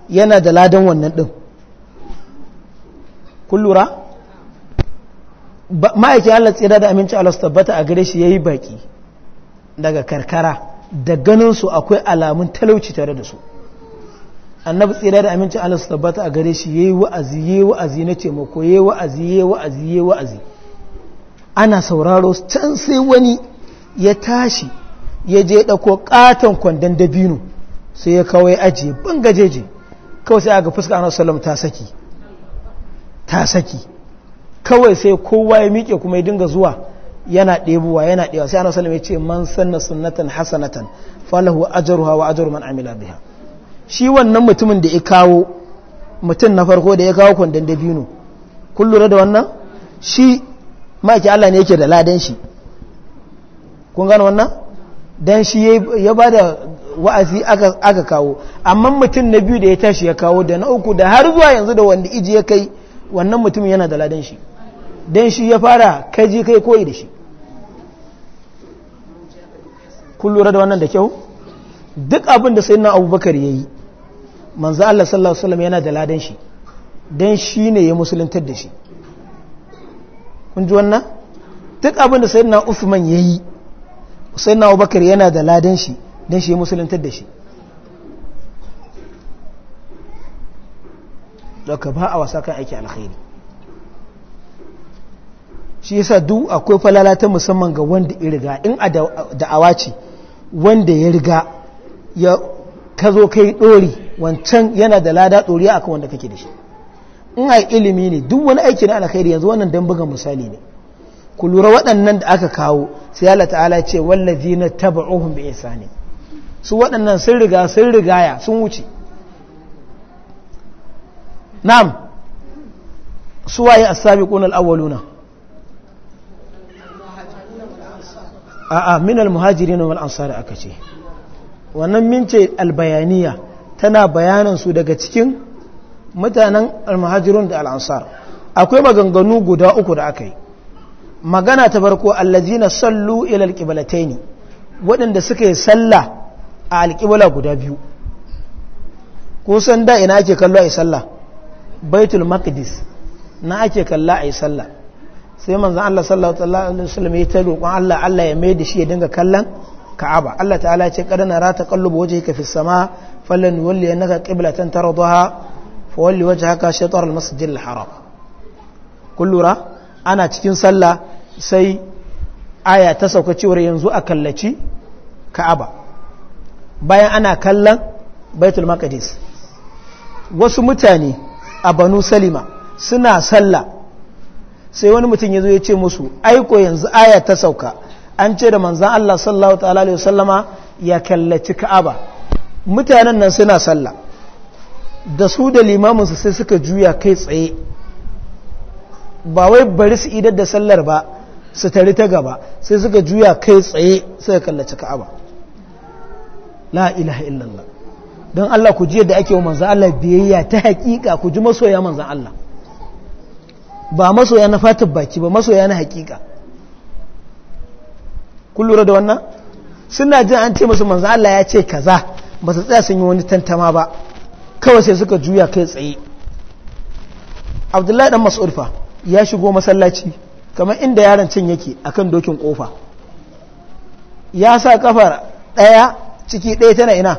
[SPEAKER 1] yana da ladan wannan din kun lura ma'aikin Allah tsira da aminci Allah tabbata a gare shi yayi baki daga karkara da ganin su akwai alamun talauci tare da su annabi tsira da aminci Allah su tabbata a gare shi yayi wa'azi yayi wa'azi na taimako yayi wa'azi yayi wa'azi yayi wa'azi ana sauraro can sai wani ya tashi ya je dauko katon kwandon dabino sai ya kawai ajiye bangajeje kawai sai aga fuska annabi sallallahu ta saki ta saki kawai sai kowa ya mike kuma ya dinga zuwa yana ɗebuwa yana ɗewa sai annabi sallallahu ya ce man sanna sunnatan hasanatan falahu ajruha wa ajru man amila biha shi wannan mutumin da ya kawo mutum na farko da ya kawo kwandon dabino kun lura da wannan shi maki Allah ne yake da ladan shi kun gano wannan dan shi ya ba da wa'azi aka kawo amma mutum na biyu da ya tashi ya kawo da na uku da har zuwa yanzu da wanda iji ya kai wannan mutum yana da ladan shi dan shi ya fara kaji kai koyi da shi kun lura da wannan da kyau duk abin da na abubakar ya yi manzo Allah sallallahu alaihi wasallam yana da ladan shi dan shi ne ya musuluntar da shi kun ji wannan duk abin da sayyidina Uthman yayi sayyidina Abubakar yana da ladan shi dan shi ya musuluntar da shi daga ba a wasa kan aiki alkhairi shi yasa duk akwai falala ta musamman ga wanda ya riga in a da'awa ce wanda ya riga ya ka zo kai dori wancan yana da lada ɗoriya akan wanda kake da shi in a ilimi ne duk wani aiki na alkhairi yanzu wannan dan buga misali ne ku lura waɗannan da aka kawo sai Allah ta'ala ce wallazi na bai isa ihsani su waɗannan sun riga sun rigaya sun wuce na'am su waye a sami al awaluna a'a min al-muhajirin wal ansar aka ce wannan min ce tana bayanan su daga cikin mutanen almahajirun da al'ansar akwai maganganu guda uku da aka yi magana ta farko na sallu ila ne waɗanda suka yi sallah a alkibala guda biyu ko san da ina ake kallo a yi sallah baitul maqdis na ake kalla a yi sallah sai manzan Allah sallallahu alaihi wasallam ya ta roƙon Allah Allah ya mai da shi ya dinga kallon Ka'aba Allah ta'ala ce kadana rata waje ka fi sama فلن يولي أنك قبلة ترضها فولي وجهك شطر المسجد الحرام كل را أنا تكين صلى سي آية تسوك تشور ينزو أكلتي كعبة bayan أنا kallon بيت المقدس وسمتاني أبنو a سنا صلى sai wani mutum ya zo ya ce musu aiko yanzu aya ta sauka an ce da manzan Allah sallallahu ta'ala alaihi wasallama ya kallaci ka'aba mutanen nan suna sallah da su da limaminsu sai suka juya kai tsaye ba wai bari su idar da sallar ba su tari ta gaba sai suka juya kai tsaye suka kallaci ka'aba la ilaha illallah don Allah ku ji yadda ake wa manzan Allah biyayya ta hakika ku ji masoya manzan Allah ba masoya na fatan baki ba masoya na hakika kun lura da wannan suna jin an ce musu manzan Allah ya ce kaza ba su tsaya sun yi wani tantama ba kawai sai suka juya kai tsaye abdullahi dan mas'urfa ya shigo masallaci kamar inda yaron can yake akan dokin kofa ya sa kafar daya ciki ɗaya tana ina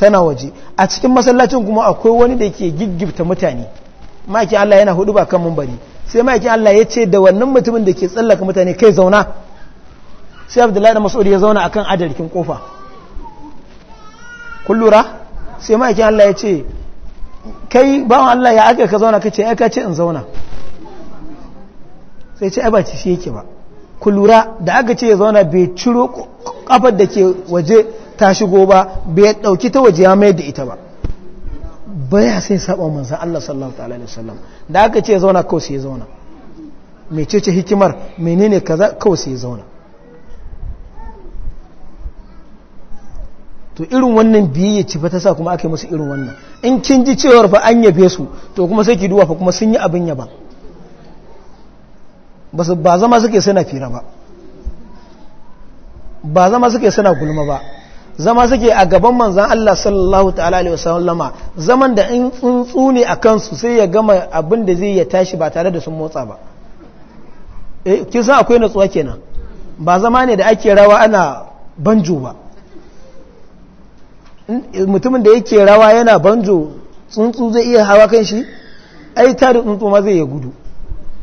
[SPEAKER 1] tana waje a cikin masallacin kuma akwai wani da ke giggifta mutane maki Allah yana hudu ba kan mumbari sai maki Allah ya ce da wannan mutumin da ke tsallaka mutane kai zauna sai abdullahi da mas'ud ya zauna akan adarkin kofa kullura sai ma'aikin Allah ya ce kai bawan Allah ya aka ka zauna ka ce ya ka in zauna sai ce ba ci shi yake ba Kulura da aka ce ya zauna bai ciro kafar da ke waje ta shigo ba bai dauki ta waje ya mai da ita ba baya sai saba manzan Allah sallallahu alaihi wasallam da aka ce ya zauna kawai sai ya zauna mecece hikimar menene kaza kawai sai ya zauna to irin wannan biyayya ci fa ta sa kuma aka yi musu irin wannan in kin ji cewar fa an yabe su to kuma sai ki duwa fa kuma sun yi abin yaba ba su ba zama suke suna fira ba ba zama suke suna gulma ba zama suke a gaban manzan Allah sallallahu ta'ala alaihi wasallama zaman da in tsuntsu ne a kansu sai ya gama abin da zai ya tashi ba tare da sun motsa ba eh kin san akwai natsuwa kenan ba zama ne da ake rawa ana banjo ba mutumin da yake rawa yana banjo tsuntsu zai iya hawa kan shi ai ta da tsuntsu ma zai ya gudu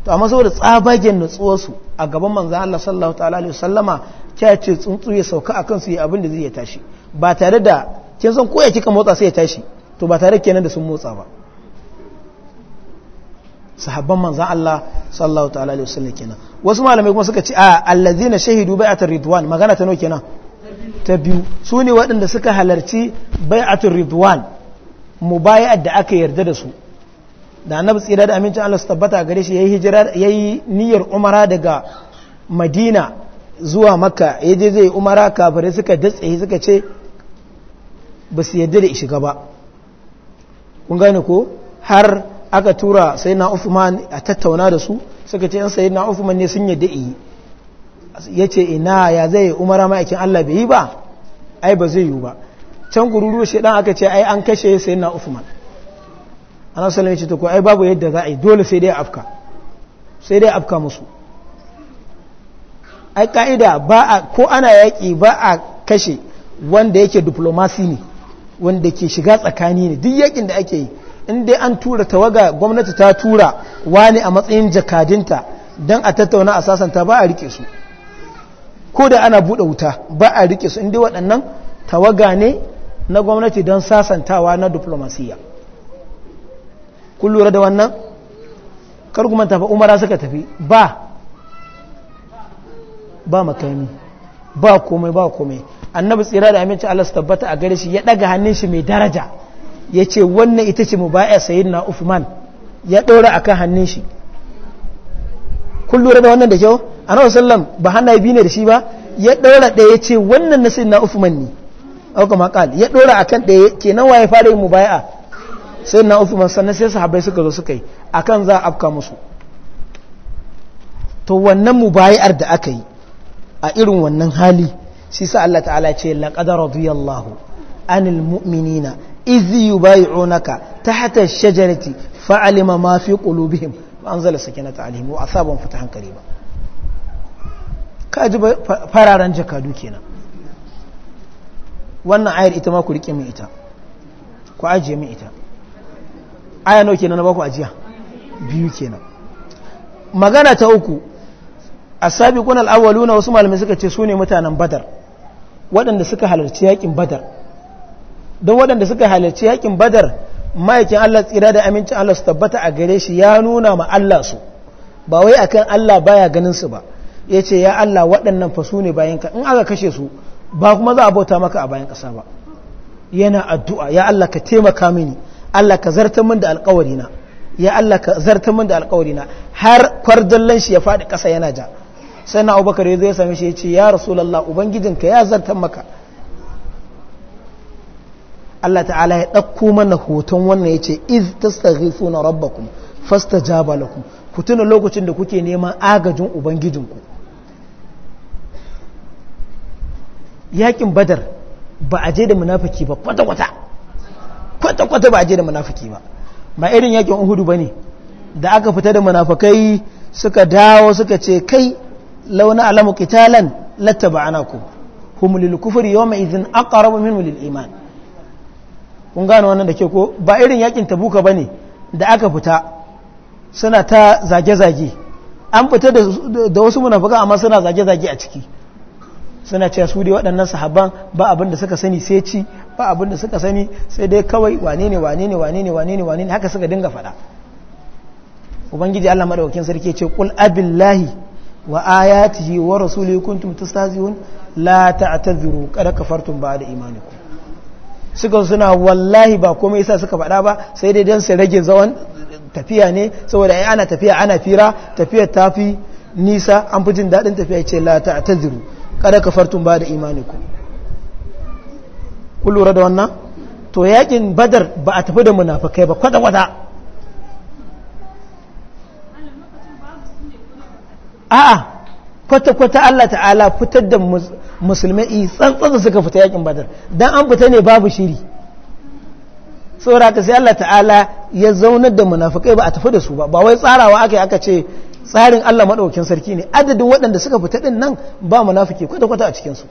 [SPEAKER 1] to amma saboda tsabagen nutsuwarsu a gaban manzan Allah sallallahu ta'ala alaihi wasallama kya ce tsuntsu ya sauka a kansu ya abin da zai ya tashi ba tare da kin san ko ya kika motsa sai ya tashi to ba tare kenan da sun motsa ba sahabban manzan Allah sallallahu ta'ala alaihi wasallam kenan wasu malamai kuma suka ce a allazina shahidu bai'atar ridwan magana ta nawa kenan ta biyu su ne waɗanda suka halarci bai bai'atul ridwan bayar da aka yarda da su da annabi tsira da amincin Allah su tabbata gare shi yayi hijira yayi niyyar umara daga Madina zuwa Makka yaje zai umara kafirai suka datse suka ce ba su yarda da shiga ba kun gane ko har aka tura sayyidina Uthman a tattauna da su suka ce an sayyidina Uthman ne sun yarda yi ya ce ina ya zai umara ma'aikin Allah bai yi ba ai ba zai yi ba can gururu shi dan aka ce ai an kashe sai na Uthman ana ya ce ko ai babu yadda za a yi dole sai dai afka sai dai afka musu ai ka'ida ba a ko ana yaƙi ba a kashe wanda yake diplomasi ne wanda ke shiga tsakani ne duk yakin da ake yi in dai an tura tawaga gwamnati ta tura wani a matsayin jakadinta don a tattauna a sasanta ba a rike su ko da ana buɗe wuta ba a rike su inda waɗannan tawaga ne na gwamnati don sasantawa na diplomasiya kun lura da wannan karguman tafi umara suka tafi ba ba makami ba komai ba komai annabi tsira da aminci Allah su tabbata a gare shi ya daga hannun shi mai daraja ya ce wannan ita ce mu baya sayi na ufman ya ɗora a kan hannun shi kun da wannan da kyau annabi sallam ba hana biyu ne da shi ba ya ɗora ɗaya ya ce wannan na sayyidina Uthman ne au kama qal ya ɗora akan ɗaya kenan waye fara yin mubaya'a sayyidina Uthman sannan sai sahabbai suka zo suka yi akan za a afka musu to wannan mubaya'ar da aka yi a irin wannan hali shi sa Allah ta'ala ce laqad radiyallahu anil mu'minina idh yubay'unaka tahta ash-shajarati fa'alima ma fi qulubihim wa anzala sakinata a wa asabahum fatahan ba. ka ji fararen jakadu kenan wannan ayar ita ma ku rike min ita ku ajiye min ita aya nawa kenan na ba ku ajiya biyu kenan magana ta uku asabi al-awwaluna wasu malamai suka ce sune mutanen badar waɗanda suka halarci yakin badar don waɗanda suka halarci yakin badar ma'aikin Allah tsira da amincin Allah su tabbata a gare shi ya nuna ma Allah su ba wai akan Allah baya ganin su ba ya ce ya Allah waɗannan fasu ne bayan ka in aka kashe su ba kuma za a bauta maka a bayan ƙasa ba yana addu'a ya Allah ka taimaka mini Allah ka zarta min da alƙawarina ya Allah ka zarta min da alƙawarina har kwardallan shi ya faɗi ƙasa yana ja sai na abubakar ya zo ya same shi ya ce ya rasulallah ubangijinka ya zarta maka Allah ta'ala ya ɗauko mana hoton wannan ya ce iz tastaghifuna rabbakum fastajaba lakum ku tuna lokacin da kuke neman agajin ubangijinku yakin badar ba a je da munafiki ba kwata-kwata kwata-kwata ba a je da munafiki ba ba irin yakin uhudu ba ne da aka fita da munafikai suka dawo suka ce kai launa alamu kitalan ba ana ku humulil kufuri yau mai izin a ƙara min mulil iman kun gano wannan da ke ko ba irin yakin tabuka ba ne da aka fita suna ta zage-zage an fita da wasu munafaka amma suna zage-zage a ciki suna cewa su dai waɗannan sahabban ba abin da suka sani sai ci ba abin da suka sani sai dai kawai wane ne wane ne wane ne wane ne wane ne haka suka dinga faɗa ubangiji Allah madaukakin sarki ce qul abillahi wa ayatihi wa rasulihi kuntum tastazihun la ta'tadhiru qad kafartum ba'da imanikum suka suna wallahi ba komai yasa suka faɗa ba sai dai dan su rage zawan tafiya ne saboda ai ana tafiya ana fira tafiyar tafi nisa an fi jin daɗin tafiya ce la ta'tadhiru kada ka fartun ba da imanikum ku lura da wannan to yakin badar ba a tafi da munafakai ba kwada kwata a'a kwata-kwata Allah ta'ala fitar da musulmai tsantsan da suka fita yakin badar don an fita ne babu shiri saboda ka sai Allah ta'ala ya zaunar da munafakai ba a tafi da su ba ba wai tsarawa aka aka ce tsarin Allah maɗaukin sarki ne adadin waɗanda suka fita ɗin nan ba munafiki kwata-kwata a cikinsu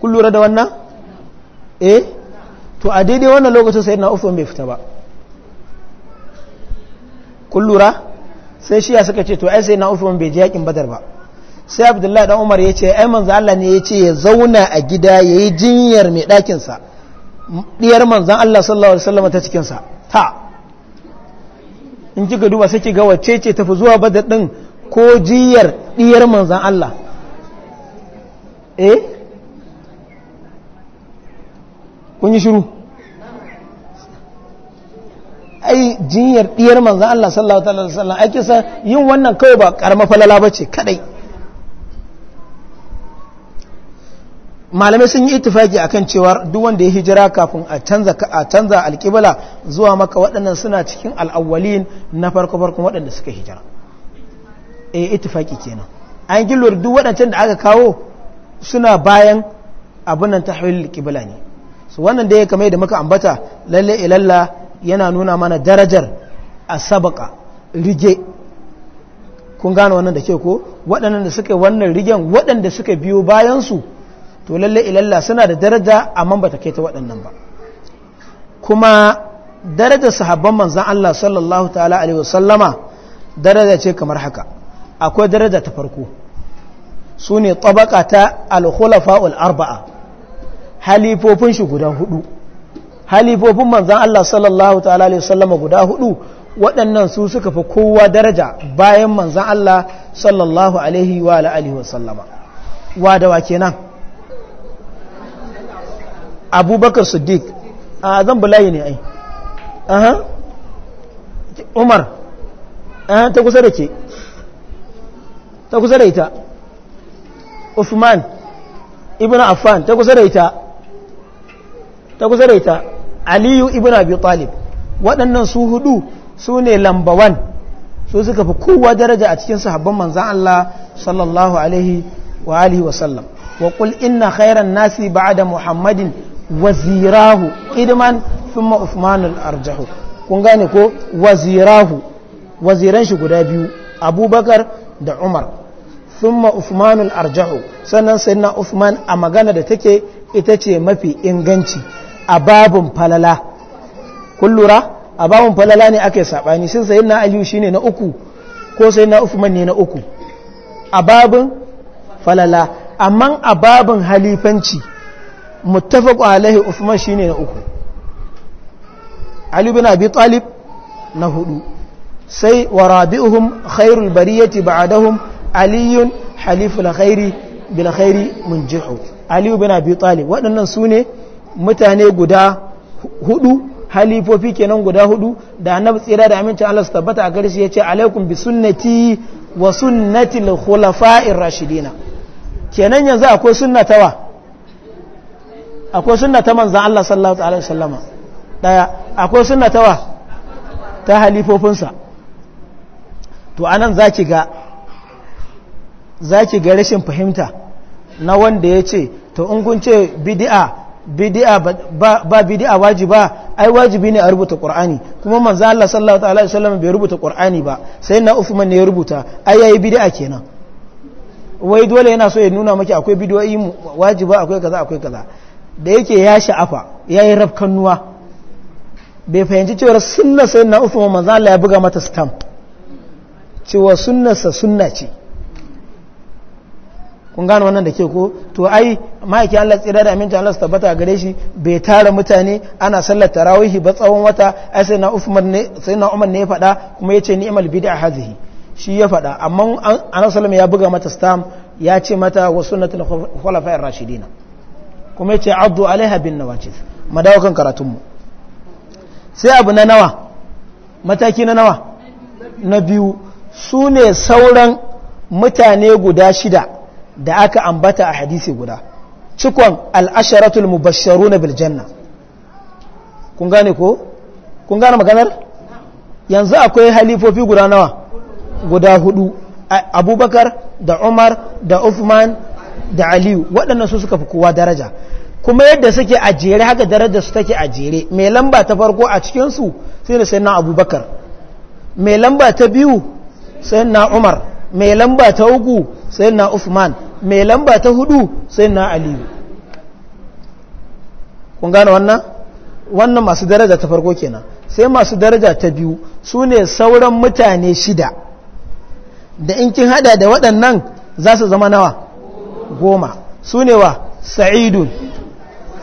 [SPEAKER 1] kun lura da wannan eh to a daidai wannan lokacin sai na ufuwan bai fita ba kun lura sai shiya suka ce to ai sai na ufuwan bai ji yakin badar ba sai abdullahi dan umar ya ce ai manzo Allah ne ya ce ya zauna a gida ya yi jinyar mai ɗakinsa ɗiyar manzan Allah sallallahu alaihi wasallam ta cikinsa ta in ga duba sai ga wacce ce tafi zuwa badar din ko jiyar diyar manzan Allah eh kun yi shiru ai jiyar diyar manzan Allah sallallahu alaihi wasallam ake sa yin wannan kawai ba karama falala bace kadai malamai sun yi itifaki akan cewar duk wanda ya hijira kafin a canza a canza alƙibla zuwa maka waɗannan suna cikin al'awwalin na farko farkon waɗanda suka hijira e eh, itifaki kenan an gillor duk waɗancan da aka kawo suna bayan abunan nan tahwil alƙibla ne so wannan da ya kamar da muka ambata lalle ilalla yana nuna mana darajar a asabaka rige kun gane wannan da ke ko waɗannan da suka wannan rigen waɗanda suka biyo bayan su to lalle ilalla suna da daraja amma ba ta kai ta waɗannan ba kuma darajar sahabban manzan Allah sallallahu ta'ala alaihi wasallama daraja ce kamar haka akwai daraja ta farko su ne tabaka ta al-khulafa'ul arba'a halifofin shi guda hudu halifofin manzan Allah sallallahu ta'ala alaihi wasallama guda hudu waɗannan su suka fi kowa daraja bayan manzan Allah sallallahu alaihi wa alihi wasallama wa da wa kenan abubakar siddiq a zan bulayi ne ai umar ta kusa da ke ta kusa da ita usman ibn affan ta kusa da ita ta kusa da ita aliyu ibn abi talib waɗannan su hudu su ne lambawan su suka fi kowa daraja a cikin sahabban manzan Allah sallallahu alaihi wa alihi wasallam wa kul inna khairan nasi ba'da muhammadin wazirahu idman thumma uthman arjahu kun gane ko wazirahu waziran shi guda biyu abubakar da umar thumma uthman arjahu sannan sayyidina uthman a magana da take ita ce mafi inganci a babun falala kullura a babun falala ne ake sabani shin na aliyu shine na uku ko sai na uthman ne na uku a babun falala amma a babun halifanci muttafaq alaihi Uthman shine na uku Ali bin Talib na hudu sai wa rabi'uhum khairul bariyati ba'dahum Ali haliful khairi bil khairi munjihu Ali bin Abi Talib waɗannan sune mutane guda hudu halifofi kenan guda hudu da annabi tsira da amincin Allah su tabbata a gare shi yace alaikum bi sunnati wa sunnati al-khulafa'ir rashidina kenan yanzu akwai sunnatawa akwai suna ta manzan Allah sallallahu alaihi wasallama daya akwai suna ta wa ta halifofinsa to anan zaki ga zaki ga rashin fahimta na wanda ya ce to in kun ce ba bidi'a wajiba ai wajibi ne a rubuta qur'ani kuma manzan Allah sallallahu alaihi wasallam bai rubuta qur'ani ba sai na Uthman ne ya rubuta ai yayi bidi'a kenan wai dole yana so ya nuna maki akwai bidiyoyi wajiba akwai kaza akwai kaza da yake ya sha'afa ya yi rafkannuwa bai fahimci cewar sunna sai na uthman manzala ya buga mata stamp cewa sunnarsa sunna ce kun gano wannan da ke ko to ai ma'aikin Allah tsira da aminci Allah su tabbata gare shi bai tara mutane ana sallar tarawihi ba tsawon wata ai sai na Umar ne sai na Umar ne ya faɗa kuma yace bidi a hazihi shi ya faɗa amma Annabi ya buga mata stam ya ce mata wa sunnatul khulafa'ir rashidina kuma ce abdu alaiha bin wace madawakan karatunmu sai abu na nawa mataki na nawa na biyu su ne sauran mutane guda shida da aka ambata a hadisi guda cikon al'asharatul mubasharu na biljanna kun gane ko? kun gane maganar? yanzu akwai halifofi guda nawa guda hudu abubakar da umar da uthman da aliyu waɗannan su suka fi kowa daraja kuma yadda suke a jere haka darajar su take a jere mai lamba ta farko a cikinsu sai da sayan abubakar mai lamba ta biyu sayan na umar mai lamba ta uku sayan na usman mai lamba ta hudu sayan na aliyu kun gane wannan wannan masu daraja ta farko kenan sai masu daraja ta biyu su ne sauran mutane shida da in kin hada da waɗannan za su zama nawa goma su ne wa sa'idun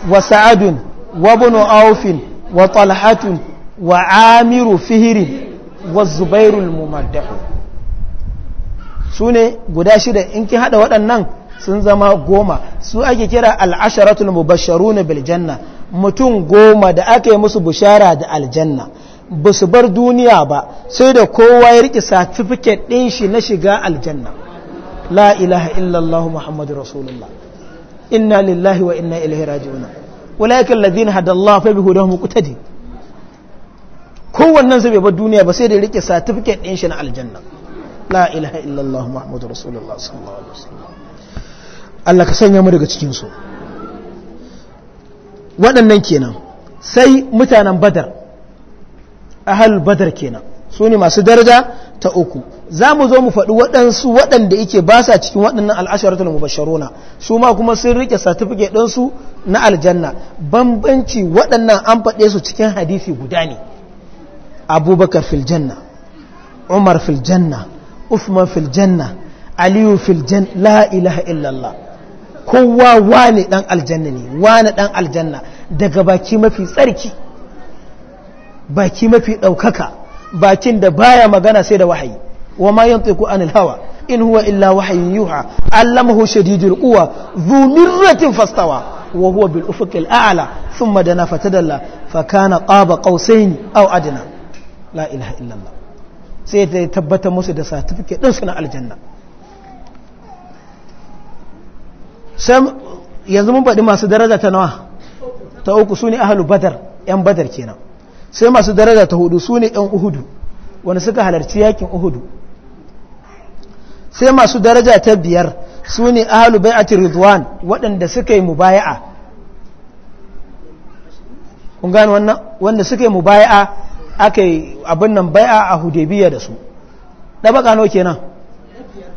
[SPEAKER 1] wa sa'adun wa bunu aufin wa talhatun wa amiru fihirin wa zubairul mumaddahu su ne guda shida in ki hada waɗannan sun zama goma su ake kira al'asharatul mubasharu na biljanna mutum goma da aka yi musu bushara da aljanna ba su bar duniya ba sai da kowa ya riƙe satifiket ɗin shi na shiga aljanna la ilaha illallah muhammadu rasulullah inna lillahi wa inna ilaihi raji'un ulaiikal ladina hadallahu fa bihudahum muqtadi kowannen su bai bar duniya ba sai da rike certificate ɗin shi na aljanna la ilaha illallah muhammadu rasulullah sallallahu alaihi wasallam Allah ka sanya mu daga cikin su waɗannan kenan sai mutanen badar ahal badar kenan su ne masu daraja ta uku za mu zo mu faɗi waɗansu waɗanda yake ba sa cikin waɗannan al'asharatul mubasharuna su ma kuma sun rike certificate ɗansu na aljanna bambanci waɗannan an faɗe su cikin hadisi guda ne abubakar filjanna umar filjanna usman filjanna aliyu filjan la ilaha illallah kowa wane ɗan aljanna ne wane ɗan aljanna daga baki mafi tsarki baki mafi ɗaukaka bakin da baya magana sai da wahayi wa ma yantiqu anil hawa in huwa illa wahyun yuha allamahu shadidul quwa dhu fastawa wa huwa bil ufuqil a'la thumma dana fatadalla fa kana qaba qausaini aw adna la ilaha illa allah sai ta tabbata musu da certificate din suna aljanna sam yanzu mun faɗi masu daraja ta nawa ta uku sune ahlul badar yan badar kenan sai masu daraja ta hudu su ne ‘yan uhudu wani suka halarci yakin uhudu sai masu daraja ta biyar su ne ahalu ridwan waɗanda suka yi mubaya'a kun wanda suka yi mubaya'a aka yi abin nan bai'a a hudebiya da su ɗaba nawa kenan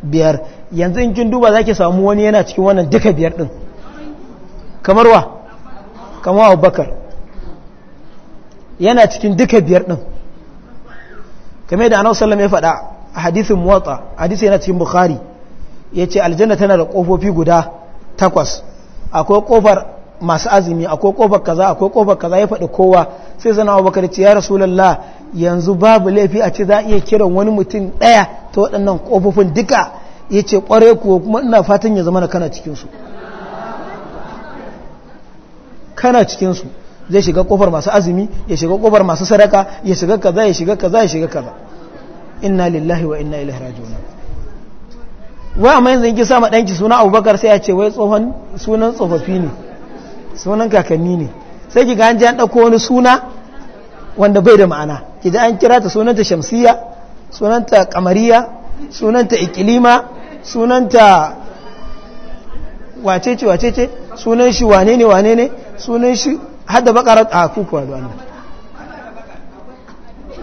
[SPEAKER 1] biyar yanzu in kin duba za ki samu wani yana cikin wannan duka biyar ɗin kamar wa kamar abubakar yana cikin duka biyar ɗin kame da anawar sallam ya faɗa a hadithin motsa hadithin yana cikin bukhari ya ce aljanna tana da ƙofofi guda takwas akwai ƙofar masu azumi akwai ƙofar kaza akwai ƙofar kaza ya faɗi kowa sai zana abubakar ce ya rasulallah yanzu babu laifi a ce za a iya kiran wani mutum ɗaya ta waɗannan ƙofofin duka ya ce ƙware kuwa kuma ina fatan ya zama na kana cikinsu zai shiga kofar masu azumi ya shiga kofar masu sadaka ya shiga kaza ya shiga kaza ya shiga kaza inna lillahi wa inna ilaihi raji'un wai amma yanzu kin sa ma danki suna Abubakar sai ya ce wai tsohon sunan tsofaffi ne sunan kakanni ne sai ki ga an ji an dauko wani suna wanda bai da ma'ana ki ji an kira ta sunanta Shamsiya sunanta Kamariya sunanta iklima sunanta wacece wacece sunan shi wane ne wane ne sunan shi hadda bakara a kukuwa da Allah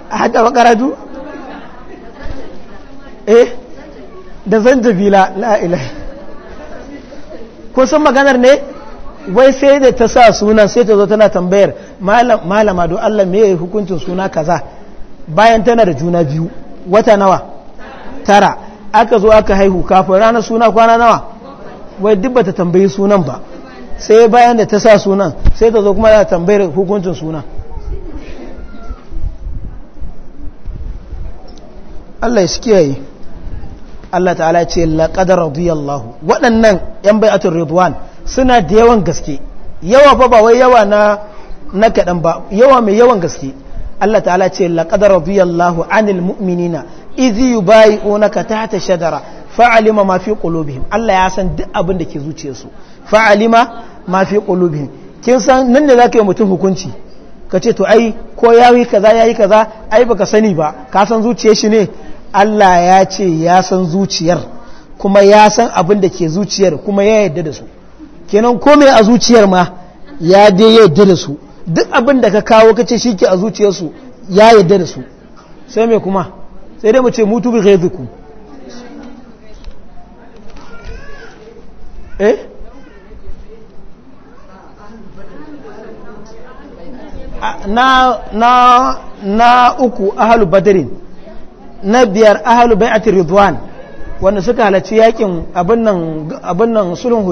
[SPEAKER 1] hadda bakara du eh da zanjabila la maganar ne wai sai da ta sa suna sai ta zo tana tambayar malama don Allah me hukuncin suna kaza bayan tana da juna biyu wata nawa tara aka zo aka haihu kafin ranar suna kwana nawa wai duk ta tambayi sunan ba sai bayan da ta sa sunan sai ta zo kuma da tambayar hukuncin sunan Allah ya kiyaye Allah ta'ala ce laqad radiyallahu waɗannan yan bai'atul ridwan suna da yawan gaske yawa ba ba wai yawa na na kadan ba yawa mai yawan gaske Allah ta'ala ce laqad radiyallahu anil mu'minina ka yubayi'unaka tahta shajara fa'alima ma fi Allah ya san duk abin da ke zuciyarsu fa'alima ma fi kin san nan da za ka yi mutum hukunci ka ce to ai ko yayi kaza yayi kaza ai baka sani ba ka san zuciyar shi ne Allah ya ce ya san zuciyar kuma ya san abin da ke zuciyar kuma ya yadda da su kenan komai a zuciyar ma ya dai yadda da su duk abin da ka kawo kace shike a zuciyarsu ya yadda da su sai me kuma sai dai mu ce mutu bi ghaizikum eh na na na uku ahalu badarin na biyar ahalu bai'ati ridwan wanda suka halarci yakin abin nan abin sulhun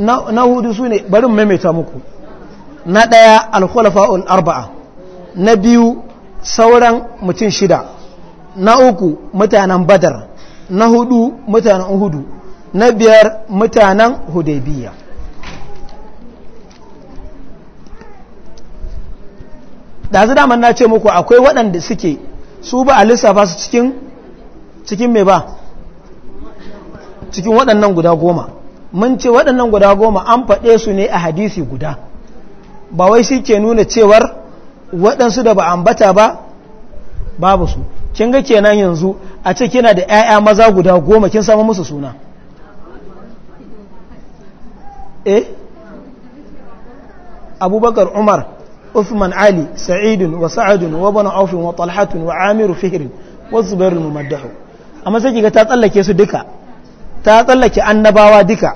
[SPEAKER 1] na hudu su ne barin maimaita muku na ɗaya alkhulafa'ul arba'a na biyu sauran mutum shida na uku mutanen badar na hudu mutanen hudu na biyar mutanen hudaybiya da zai daman na ce muku akwai waɗanda suke su ba a lissafa su cikin cikin mai ba cikin waɗannan guda goma mun ce waɗannan guda goma an faɗe su ne a hadisi guda ba wai shi ke nuna cewar waɗansu da ba ambata ba babu su kin ga kenan yanzu a ce kina da 'ya'ya maza guda goma kin samu musu suna eh abubakar umar uthman ali Sa'id wa sa'adun wa Ibn Auf wa talhatun wa Amir Fihr wa al-Mumaddah amma sai kiga ta tsallake su duka ta tsallake annabawa duka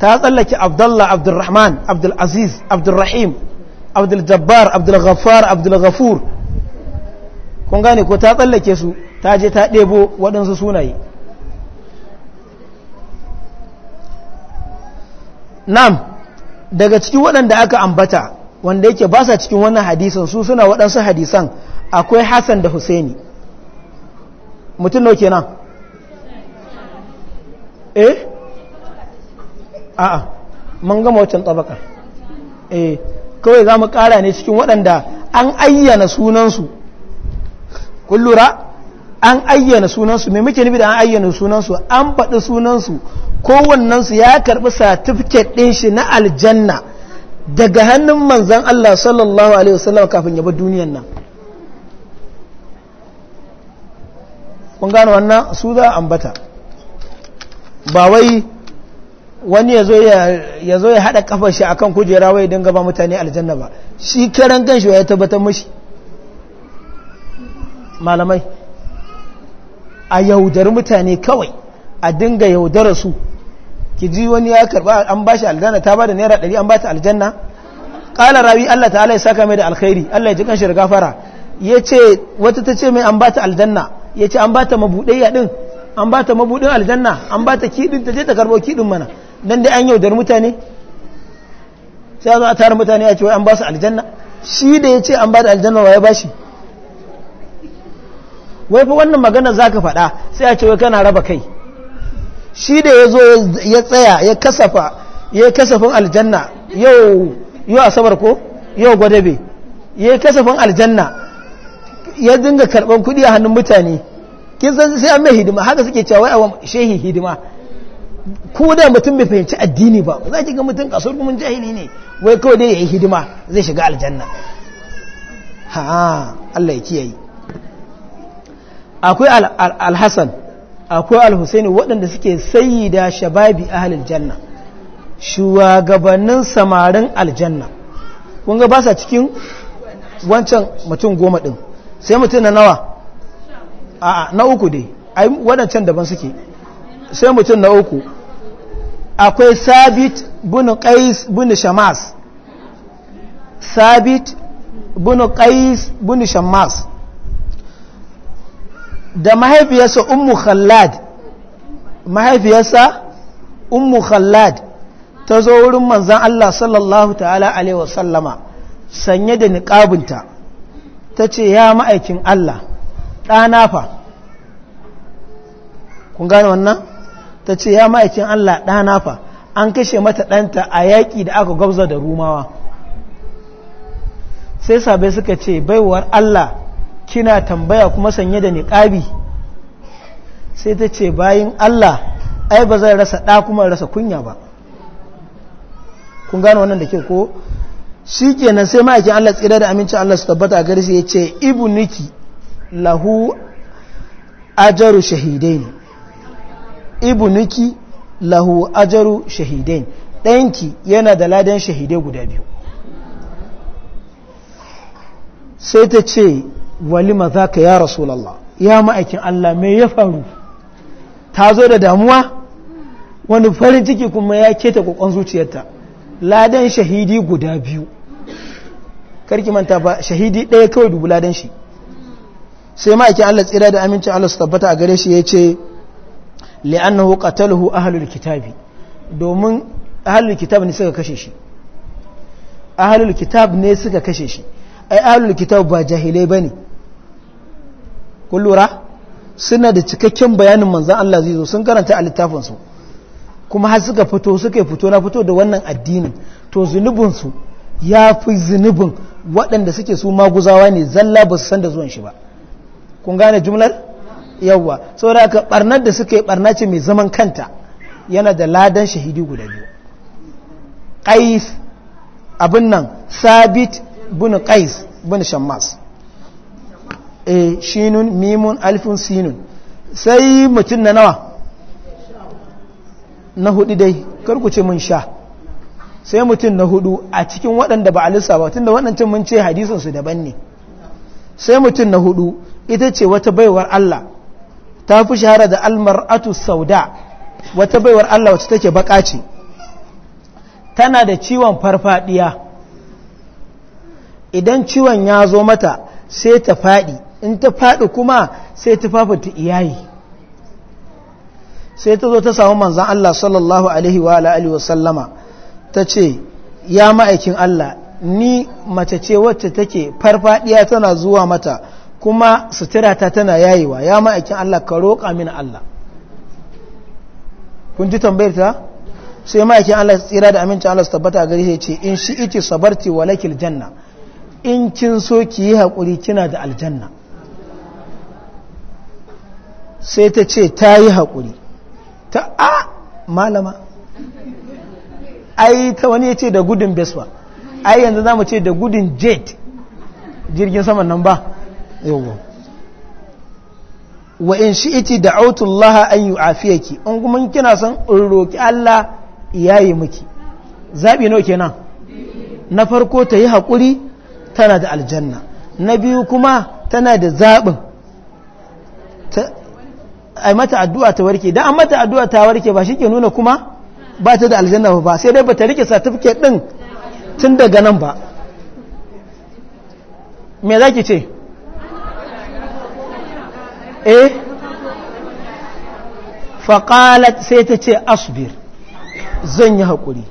[SPEAKER 1] ta tsallake abdullah abdulrahman Abdul rahim abdul jabbar abdul ghaffar abdul ghafur kun gane ko ta tsallake su ta je ta ɗebo waɗansu sunaye nam daga cikin waɗanda aka ambata wanda yake ba sa cikin wannan hadisan su suna waɗansu hadisan akwai hassan da husaini mutum nau kenan eh a'a mun gama wacan tabakar eh kawai za mu ƙara ne cikin waɗanda an ayyana sunansu kun an ayyana sunansu mai muke nufi da an ayyana sunansu an faɗi sunansu kowannensu ya karɓi satifiket ɗin shi na aljanna daga hannun manzan Allah sallallahu alaihi wasallam kafin ya bar duniyar nan kun gano wannan su za ambata ba wai wani ya zo ya haɗa kafar shi akan kujera wai don gaba mutane aljanna ba shi karan ganshi ya tabbatar mashi malamai a yaudar mutane kawai a dinga yaudara su ki ji wani ya karba an ba shi aljanna ta ba da naira ɗari an ba ta aljanna ƙala rawi Allah ta'ala ya saka mai da alkhairi Allah ya ji kanshi da gafara ya ce wata ta ce mai an ba ta aljanna ya ce an ba ta mabuɗaya ɗin an ba ta mabuɗin aljanna an ba ta kiɗin ta je ta karɓo kiɗin mana don dai an yaudar mutane sai a zo a tara mutane ya ce wai an ba su aljanna shi da ya ce an ba ta aljanna wa ya ba shi wai fa wannan magana za ka faɗa sai a ce wai kana raba kai shi da ya zo ya tsaya ya kasafa ya kasafin aljanna yau yau asabar ko yau gwadabe ya kasafin aljanna ya dinga karɓar kuɗi a hannun mutane kin san sai an mai hidima haka suke cewa wai a shehi hidima ko da mutum bai fahimci addini ba za ki ga mutum kasar kuma jahili ne wai kawai dai ya yi hidima zai shiga aljanna ha Allah ya kiyaye akwai alhassan akwai alhussaini waɗanda suke sayi da shababi halin janna shugabannin samarin aljanna kun ga ba sa cikin wancan mutum goma ɗin sai mutum na nawa a na uku dai yi waɗancan daban suke sai mutum na uku akwai sabit bunu ƙais bunu shamas sabit bunu ƙais bunu shamas da mahaifiyarsa ummu khallad mahaifiyarsa ummu khallad ta zo wurin manzan Allah sallallahu ta'ala alaihi wasallama sanye da niƙabinta ta ce ya ma'aikin Allah ɗana fa kun gane wannan ta ce ya ma'aikin Allah ɗana fa an kashe mata ɗanta a yaƙi da aka gwabza da rumawa sai sabai suka ce baiwar Allah kina tambaya kuma sanye da niƙabi sai ta ce bayan Allah ai ba zai rasa ɗa kuma rasa kunya ba kun gano wannan da ke ko shi kenan sai ma'aikin Allah tsira da amincin Allah su tabbata a garisi ya ce ibu niki lahu ajaru shahidain ibu niki lahu ajaru shahidain ɗanki yana da ladan shahidai guda biyu sai ta ce walima za ka ya rasulallah ya ma'aikin Allah mai ya faru ta zo da damuwa wani farin ciki kuma ya keta kwakwan zuciyarta ladan shahidi guda biyu karki manta ba shahidi ɗaya kawai dubu ladan shi sai ma'aikin Allah tsira da amincin Allah su tabbata a gare shi ya ce li'annahu qatalahu ahlul kitabi domin ahlul kitab ne suka kashe shi ahlul kitab ne suka kashe shi ai ahlul kitab ba jahilai bane kun lura suna da cikakken bayanin manzan Allah zai zo sun karanta a littafinsu kuma har suka fito suka fito na fito da wannan addinin to zunubinsu ya fi zunubin waɗanda suke su maguzawa ne zalla ba su san da zuwan shi ba kun gane jumlar yawwa saboda aka barnar da suka yi barna ce mai zaman kanta yana da ladan shahidi guda biyu qais abin nan sabit bin qais bin shammas eh shinun mimun alfin sinun sai mutum na nawa na hudu dai karkuce mun sha sai mutum na hudu a cikin waɗanda ba a lissafa tun da waɗancan mun ce hadisansu daban ne sai mutum na hudu ita ce wata baiwar Allah ta fi shahara da Almar almar'atu sauda wata baiwar Allah wacce take baka ce tana da ciwon farfadiya idan ciwon ya zo mata sai ta faɗi in ta faɗi kuma sai ta ta iyayi sai ta zo ta samu manzan Allah sallallahu alaihi wa wa ta ce ya ma'aikin Allah ni mace ce wacce take farfaɗiya tana zuwa mata kuma suturata tana yayewa ya ma'aikin Allah ka roƙa min Allah kun ji tambayar ta sai ma'aikin Allah tsira da amincin Allah su tabbata gari sai ce in shi iti sabarti walakil janna in kin so ki yi haƙuri kina da aljanna sai ta ce ta yi haƙuri ta a malama ai ta wani ya ce da gudun beswa ai yanzu za mu ce da gudun jet jirgin saman nan ba yawon wa in shi iti da autullaha an yi ki in kuma kina son in roƙi Allah ya yi miki zaɓi nau kenan na farko ta yi haƙuri tana da aljanna na biyu kuma tana da zaɓin Ai mata addu'a ta warke dan an mata addu'a ta warke ba shi ke nuna kuma ba ta da aljanna ba sai dai ba ta rike certificate din tun daga nan ba me za ki ce eh faƙalat sai ta ce asbir zan yi haƙuri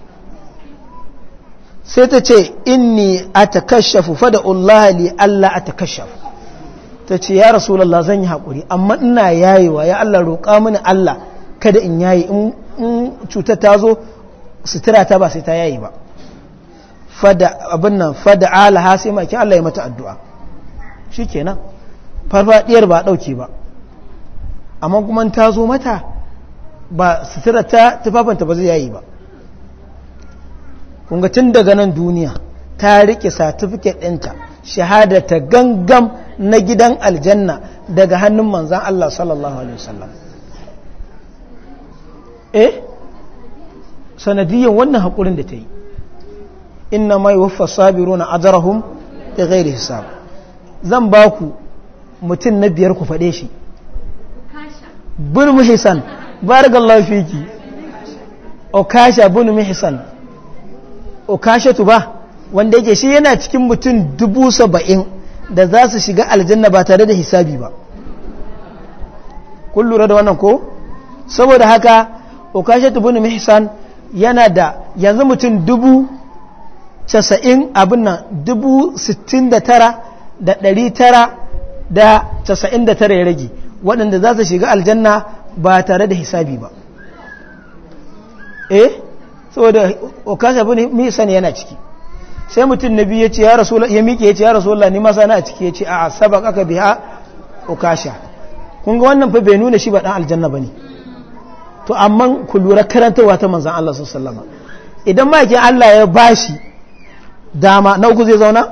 [SPEAKER 1] sai ta ce inni a ta fada Allah li Allah a ta ta ce ya lalla zan yi haƙuri amma ina yayewa ya Allah roƙa mini Allah kada in yayi in cutar ta zo sutura ta ba sai ta yayi ba fada abin nan fada alaha sai maki Allah ya mata addu'a shi kenan farfadiyar ba ɗauke ba amma kuma ta zo mata ba sutura ta tufafanta ba zai yayi ba kunga tun daga nan duniya ta rike satifiket ɗinta shahadata gangam na gidan aljanna daga hannun manzan Allah sallallahu alaihi wasallam eh sanadiyan wannan haƙurin da ta yi inna mai waffa sabiru na ajarahun da gairi hisab zan ba ku mutum na biyar ku faɗe shi bin muhisan barakallahu o kasha bin muhisan okasha tu ba wanda yake shi yana cikin mutum dubu saba'in da za su shiga aljanna ba tare da hisabi ba kun lura da wannan ko saboda haka ukashe tubuni mihsan yana da yanzu mutum dubu casa'in abin nan dubu sittin da tara da dari tara da casa'in da tara ya rage waɗanda za su shiga aljanna ba tare da hisabi ba eh saboda ukashe tubuni mihsan yana ciki sai mutum na biyu ya miƙe ya ce ya rasulullah ni masa na ciki ya ce a sabaq aka biya ukasha kun ga wannan fa bai nuna shi ba ɗan aljanna ba ne to amma ku lura karantarwa ta manzan Allah sallallahu sallama idan ma yake Allah ya bashi dama na uku zai zauna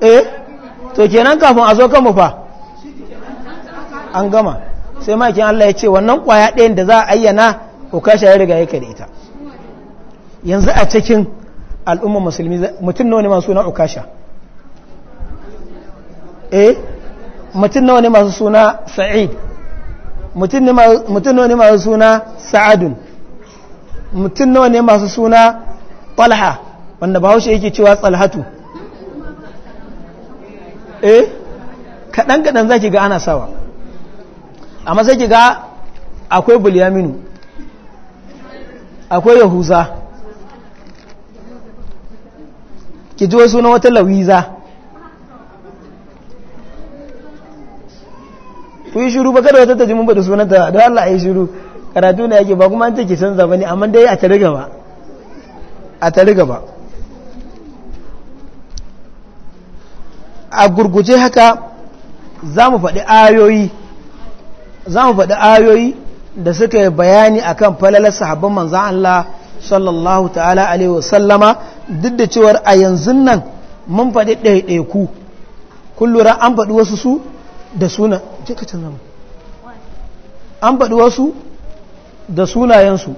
[SPEAKER 1] eh to kenan kafin a zo kan mu fa an gama sai makin Allah ya ce wannan kwaya ɗayan da za a ayyana okasha ya riga ya da ita yanzu a cikin al'umma musulmi mutum nawa ne masu suna ukasha eh mutum nawa ne masu suna sa'id mutum nawa ne masu suna sa'adun mutum nawa ne masu suna talha wanda bahaushe yake cewa tsalhatu eh kaɗan-kaɗan za ki ga ana sawa amma sai ki ga akwai bulyaminu akwai yahuza ki ji wasu na wata lawiza ku yi shiru ba kada wata tajimin ba da sunanta da Allah a yi shiru karatu ne yake ba kuma an take canza ba ne amma dai a tare gaba a riga gaba a gurguje haka za mu faɗi ayoyi za mu faɗi ayoyi da suka yi bayani akan falalar sahabban manzan Allah sallallahu ta'ala alaihi wasallama duk da cewar a yanzu nan mun faɗi ɗaiɗaiku kun lura an faɗi wasu su da suna jika canza an faɗi wasu da sunayensu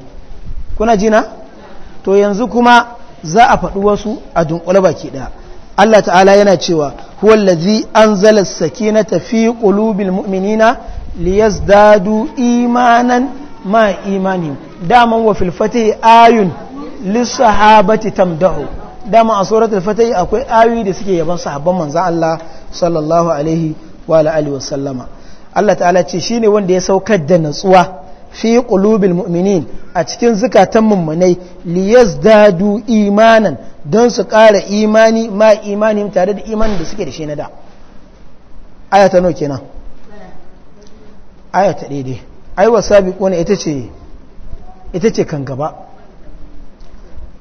[SPEAKER 1] kuna jina to yanzu kuma za a faɗi wasu a dunkula baki ɗaya Allah ta'ala yana cewa huwallazi anzala sakinata fi qulubil mu'minina liyazdadu imanan ma imanin daman wa fil ayun lissahabati tamdahu dama a suratul fatai akwai awi da suke yaban sahabban manza. Allah sallallahu alaihi wa alihi wa Allah ta'ala ce shi ne wanda ya saukar da natsuwa fi qulubil mu'minin a cikin zukatan mummunai dadu imanan don su kara imani ma imani tare da imanin da suke da shi na da ayata nawa kenan ayata daidai ai wasabi kone ita ita ce kan gaba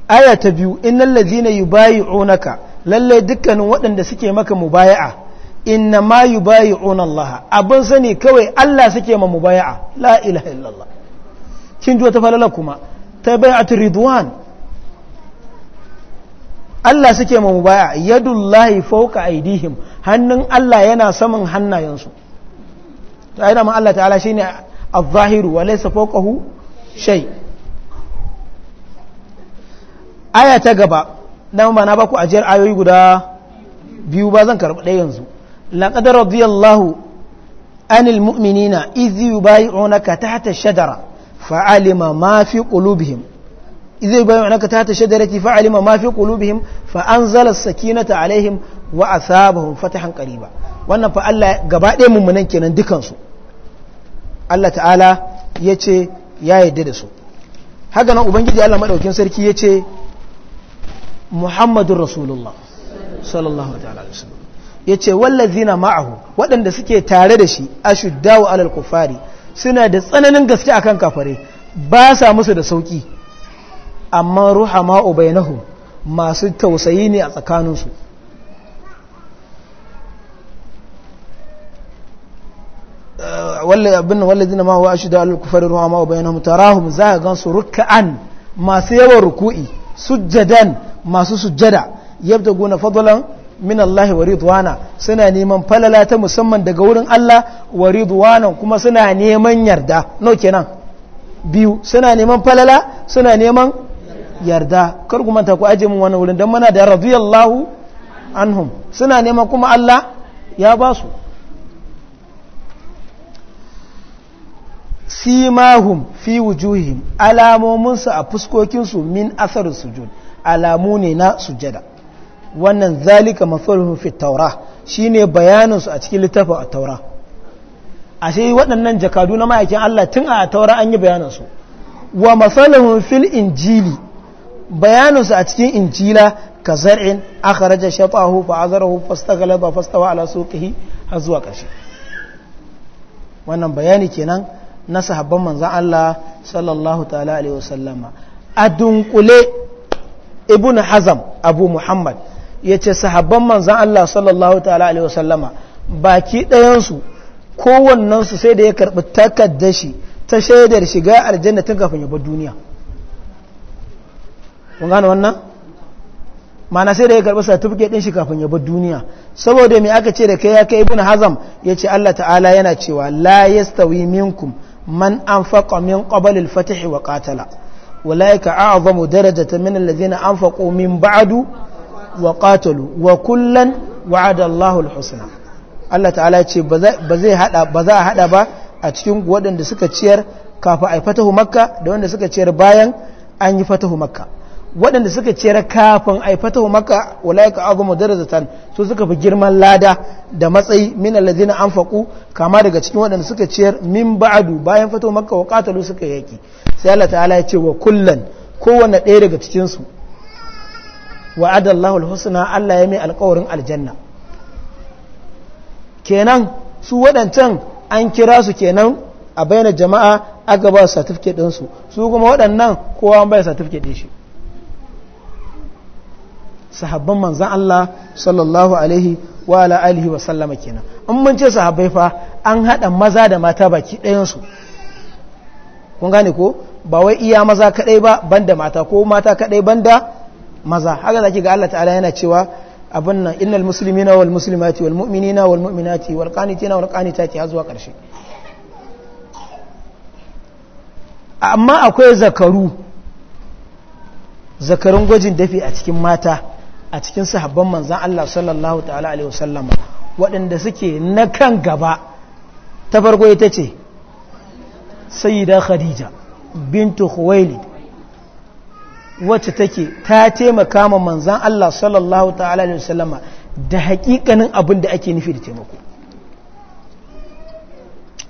[SPEAKER 1] aya ta biyu innal ladhina yubayi'unaka lallai dukkanin waɗanda suke maka mubaya'a inna ma yubayi'una Allah abin sani kawai Allah suke ma mubaya'a la ilaha illallah kin ji ta falala kuma ta bai'atu ridwan Allah suke ma mubaya'a yadullahi fawqa aidihim hannun Allah yana saman hannayensu ta aida Allah ta'ala shine a zahiru wa laysa fawqahu shay' aya ta gaba dan ma na baku ajiyar ayoyi guda biyu ba zan karɓi ɗaya yanzu laqad radiyallahu anil mu'minina idh yubay'unaka tahta shajara fa'alima ma fi qulubihim idh yubay'unaka tahta shajarati fa'alima ma fi qulubihim fa'anzala sakinata alaihim wa asabahum hankali ba wannan fa Allah gaba ɗaya mummunan kenan dukansu Allah ta'ala ya ce ya yarda da su haka nan ubangiji Allah maɗaukin sarki ya ce muhammadun rasulullah sallallahu ta'ala alaihi wasallam yace wallazina ma'ahu waɗanda suke tare da shi a ashuddawu alal kufari suna da tsananin gaske akan kafare ba sa musu da sauki amma ruha ruhama'u nahu masu tausayi ne a tsakaninsu uh, abin wallazina ma wa ashida alal kufari ruwa ma bainahum tarahum za ka gansu ruk'an masu yawan ruku'i sujjadan masu sujjada guna fadlan min Allah wa ridwana suna neman falala ta musamman daga wurin Allah wa ridwana kuma suna neman yarda no kenan biyu suna neman falala suna neman yarda kar kuma ta ku aje mun wannan wurin dan muna da radiyallahu anhum suna neman kuma Allah ya ba su simahum fi wujuhihim alamominsu a fuskokinsu min asarin sujud alamu ne na sujada wannan zalika mafaluhu fi taura shine bayanin a cikin littafin a taura ashe waɗannan jakadu na ma'aikin Allah tun a taura an yi bayanansu wa mafaluhu fil injili bayaninsu a cikin injila ka zar'in akhraja shatahu fa azarahu fastaghlaba fastawa ala suqihi har zuwa ƙarshe wannan bayani kenan na sahabban manzan Allah sallallahu ta'ala alaihi wasallama a dunkule ibn hazam abu muhammad ya ce sahabban manzan Allah sallallahu ta'ala alaihi wasallama baki ɗayansu kowannensu sai da ya karɓi takardar shi ta shaidar shiga aljanna tun kafin ya bar duniya kun gane wannan mana sai da ya karɓi certificate ɗin shi kafin ya bar duniya saboda me aka ce da kai ya kai ibn hazam ya ce Allah ta'ala yana cewa la yastawi minkum man anfaqa min qabla al-fath wa qatala ulaika daraja ta min alladhina anfaqu min ba'du wa qatalu wa kullan wa'ada Allahu al-husna Allah ta'ala ya ce ba za a hada ba a cikin waɗanda suka ciyar kafin ai fatahu makka da wanda suka ciyar bayan an yi fatahu makka waɗanda suka ciyar kafin aifata wa maka walaika azumu darajatan su suka fi girman lada da matsayi min alladhina anfaqu kama daga cikin waɗanda suka ciyar min ba'adu bayan fato maka wa qatalu suka yaki sai Allah ta'ala ya ce wa kullan kowanne ɗaya daga cikin su wa'ada Allahul husna Allah ya mai alƙawarin aljanna kenan su waɗancan an kira su kenan a bayyana jama'a aka ba su certificate ɗinsu su kuma waɗannan kowa an bai certificate ɗin shi sahabban manzan Allah sallallahu alaihi wa ala alihi wa sallama kenan in mun ce sahabbai fa an hada maza da mata baki ɗayan su kun gane ko ba wai iya maza kadai ba banda mata ko mata kadai banda maza haka zaki ga Allah ta'ala yana cewa abin nan innal muslimina wal muslimati wal mu'minina wal mu'minati wal qanitina wal qanitati har zuwa karshe amma akwai zakaru zakarun gwajin dafi a cikin mata a cikin sahabban manzan Allah sallallahu ta'ala alaihi wasallama waɗanda suke na kan gaba ta farko ita ce sayyida khadija bintu khuwailid wacce take ta taimaka ma manzan Allah sallallahu ta'ala alaihi wasallama da hakikanin abin da ake nufi da taimako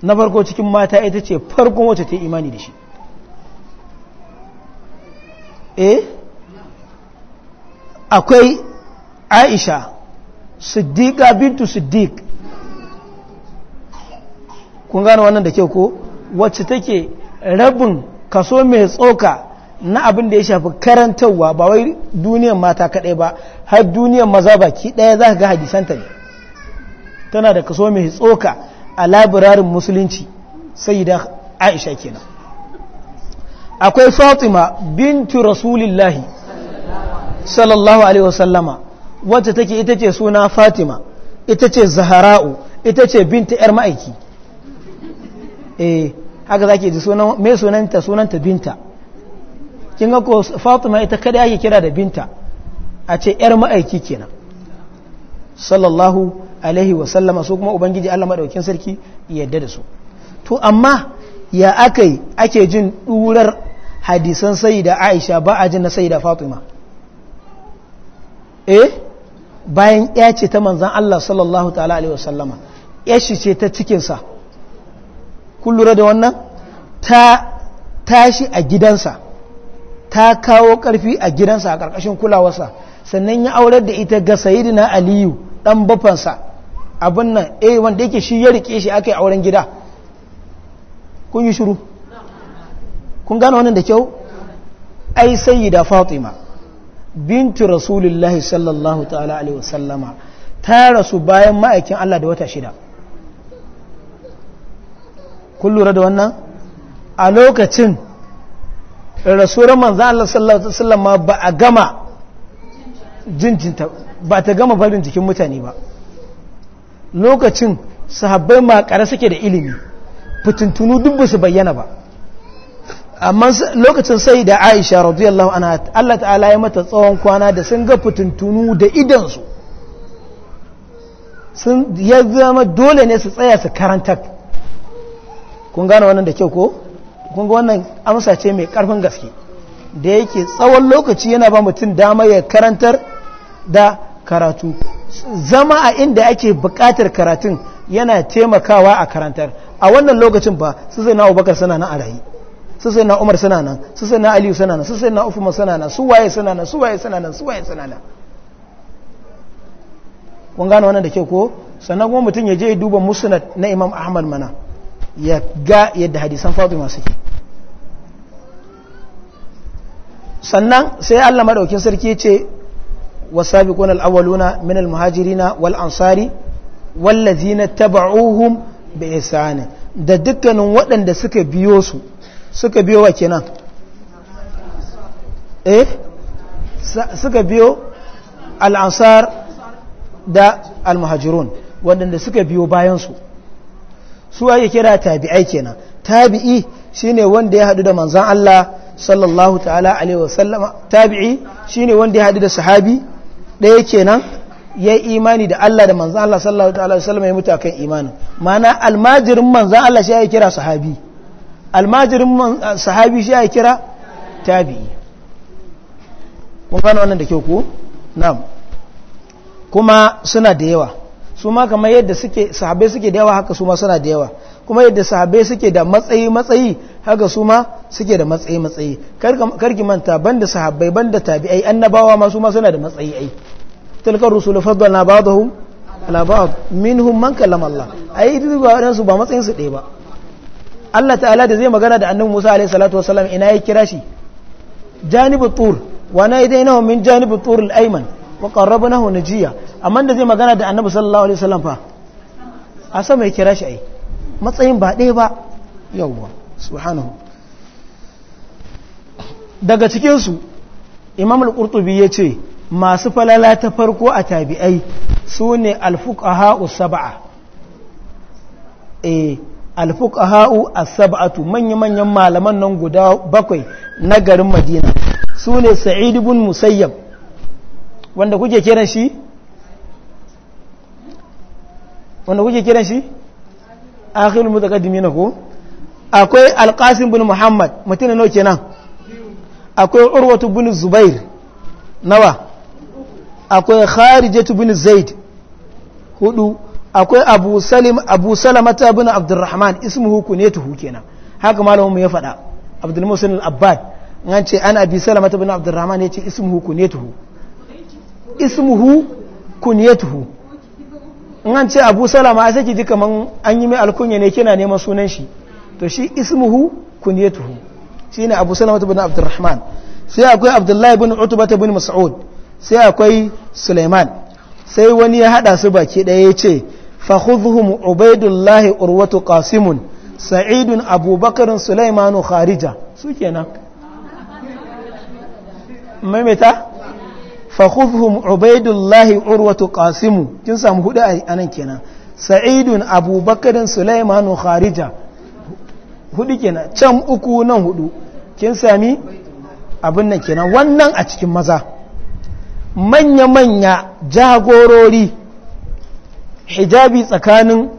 [SPEAKER 1] na farko cikin mata ita ce farkon wacce ta imani da shi eh akwai aisha siddiqa bintu siddiq kun gane wannan da ke ko wacce take rabin kaso mai tsoka na abin da ya shafi karantarwa ba wai duniyan mata kaɗai ba har duniyan maza baki ɗaya za ga hadisanta ne tana da kaso mai tsoka a labirarin musulunci sai da aisha kenan akwai fatima bintu rasulillahi sallallahu alaihi wasallama wacce take ita ce suna fatima ita ce zahara'u ita ce binta yar ma'aiki eh haka zake ji sunan mai sunanta sunanta binta kin ga ko fatima ita kada yake kira da binta a ce yar ma'aiki kenan sallallahu alaihi wasallama su kuma ubangiji Allah madaukin sarki yadda da su to amma ya akai ake jin durar hadisan sayyida Aisha ba a jin na sayyida Fatima eh bayan ya ce ta manzan Allah sallallahu ta'ala alaihi wasallama ya shi ce ta cikinsa kun lura da wannan ta tashi a gidansa ta kawo karfi a gidansa a ƙarƙashin kulawarsa sannan ya aurar da ita ga sayidina aliyu dan bafansa abin nan eh wanda yake shi ya rike shi aka yi auren gida kun yi shiru kun gane wannan da kyau ai sayyida fatima bintu rasulullahi sallallahu ta'ala alaihi wasallama ta rasu bayan ma'aikin Allah da wata shida kun lura da wannan a lokacin rasuwar manzan Allah sallallahu ta'ala sallama ba a gama jinjinta ba ta gama barin jikin mutane ba lokacin sahabbai makare suke da ilimi fitintunu duk su bayyana ba amma lokacin sai da aisha radiyallahu anha Allah ta'ala ya mata tsawon kwana da sun ga fitintunu da idansu sun ya zama dole ne su tsaya su karanta kun gane wannan da kyau ko kun ga wannan amsa ce mai karfin gaske da yake tsawon lokaci yana ba mutum dama ya karantar da karatu zama a inda ake buƙatar karatun yana taimakawa a karantar a wannan lokacin ba su zai na abubakar suna na a rayu su sai na umar suna nan su sai na aliyu suna nan su sai na ufuman suna nan su waye suna nan su waye suna nan su waye suna nan kun gano wannan da kyau ko sannan kuma mutum ya je duba musnad na imam ahmad mana ya ga yadda hadisan fatima ke. sannan sai allah maɗaukin sarki ce wasabiquna kuna al'awaluna min al-muhajirina wal ansari wallazina taba'uhum bi ihsan da dukkanin waɗanda suka biyo su suka biyo wa kenan eh suka biyo al'ansar da almuhajirun waɗanda suka biyo bayansu su ake kira tabi'ai kenan tabi'i shine wanda ya hadu da manzan Allah sallallahu ta'ala alaihi wasallam tabi'i shine wanda ya haɗu da sahabi ɗaya kenan ya yi imani da Allah da manzan Allah sallallahu ta'ala alaihi wasallam ya mutu akan imanin mana almajirin manzan Allah shi ya kira sahabi almajirin sahabi shi ya kira tabi'i kun gano wannan da ke ku na'am kuma suna da yawa su ma kamar yadda suke sahabai suke da yawa haka su ma suna da yawa kuma yadda sahabai suke da matsayi matsayi haka su ma suke da matsayi matsayi karki manta banda sahabai banda tabi'ai annabawa ma su ma suna da matsayi ai tilkar rusulu faddalna ba'dahum ala ba'd minhum man kallama Allah ai duk ba wadansu ba matsayin su ɗaya ba Allah ta'ala da zai magana da annabi Musa alaihi salatu wasallam ina ya kira shi janibu tur wa na idainahu min janibu tur al-ayman wa qarrabnahu najiya amma da zai magana da annabi sallallahu alaihi wasallam fa a sama ya kira shi ai matsayin ba ɗaya ba yawwa subhanahu daga cikin su imam al-qurtubi yace masu falala ta farko a tabi'ai sune al-fuqaha us-sab'a eh alfuqaha'u as-sab'atu manya-manyan malaman nan guda bakwai na garin Madina sune Sa'id ibn Musayyab wanda kuke kiran shi wanda kuke kiran shi akhirul mutaqaddimin ko akwai al-Qasim ibn Muhammad mutune nawa kenan akwai Urwatu ibn Zubair nawa akwai Kharijatu ibn Zaid hudu akwai abu salim abu salamata bin abdurrahman ismuhu kunetuhu kenan haka malamin mu ya faɗa abdulmusin al-abbad an ce ana bi salamata bin abdurrahman ce ismuhu kunetuhu ismuhu kunetuhu an ce abu salama a sake ji kaman an yi mai alkunya ne kina neman sunan shi to shi ismuhu shi ne abu salamata bin abdurrahman sai akwai abdullahi bin utubata bin mas'ud sai akwai suleiman sai wani ya hada su baki daya ya ce فخذهم عبيد الله أروة قاسم سعيد أبو بكر سليمان خارجة سوكينا ممتا فخذهم عبيد الله أروة قاسم جنسا مهدا أي أنا كينا سعيد أبو بكر سليمان خارجة hudu كينا كم أكونا هدو hudu kin sami abin nan kenan wannan a cikin maza manya-manya jagorori hijabi tsakanin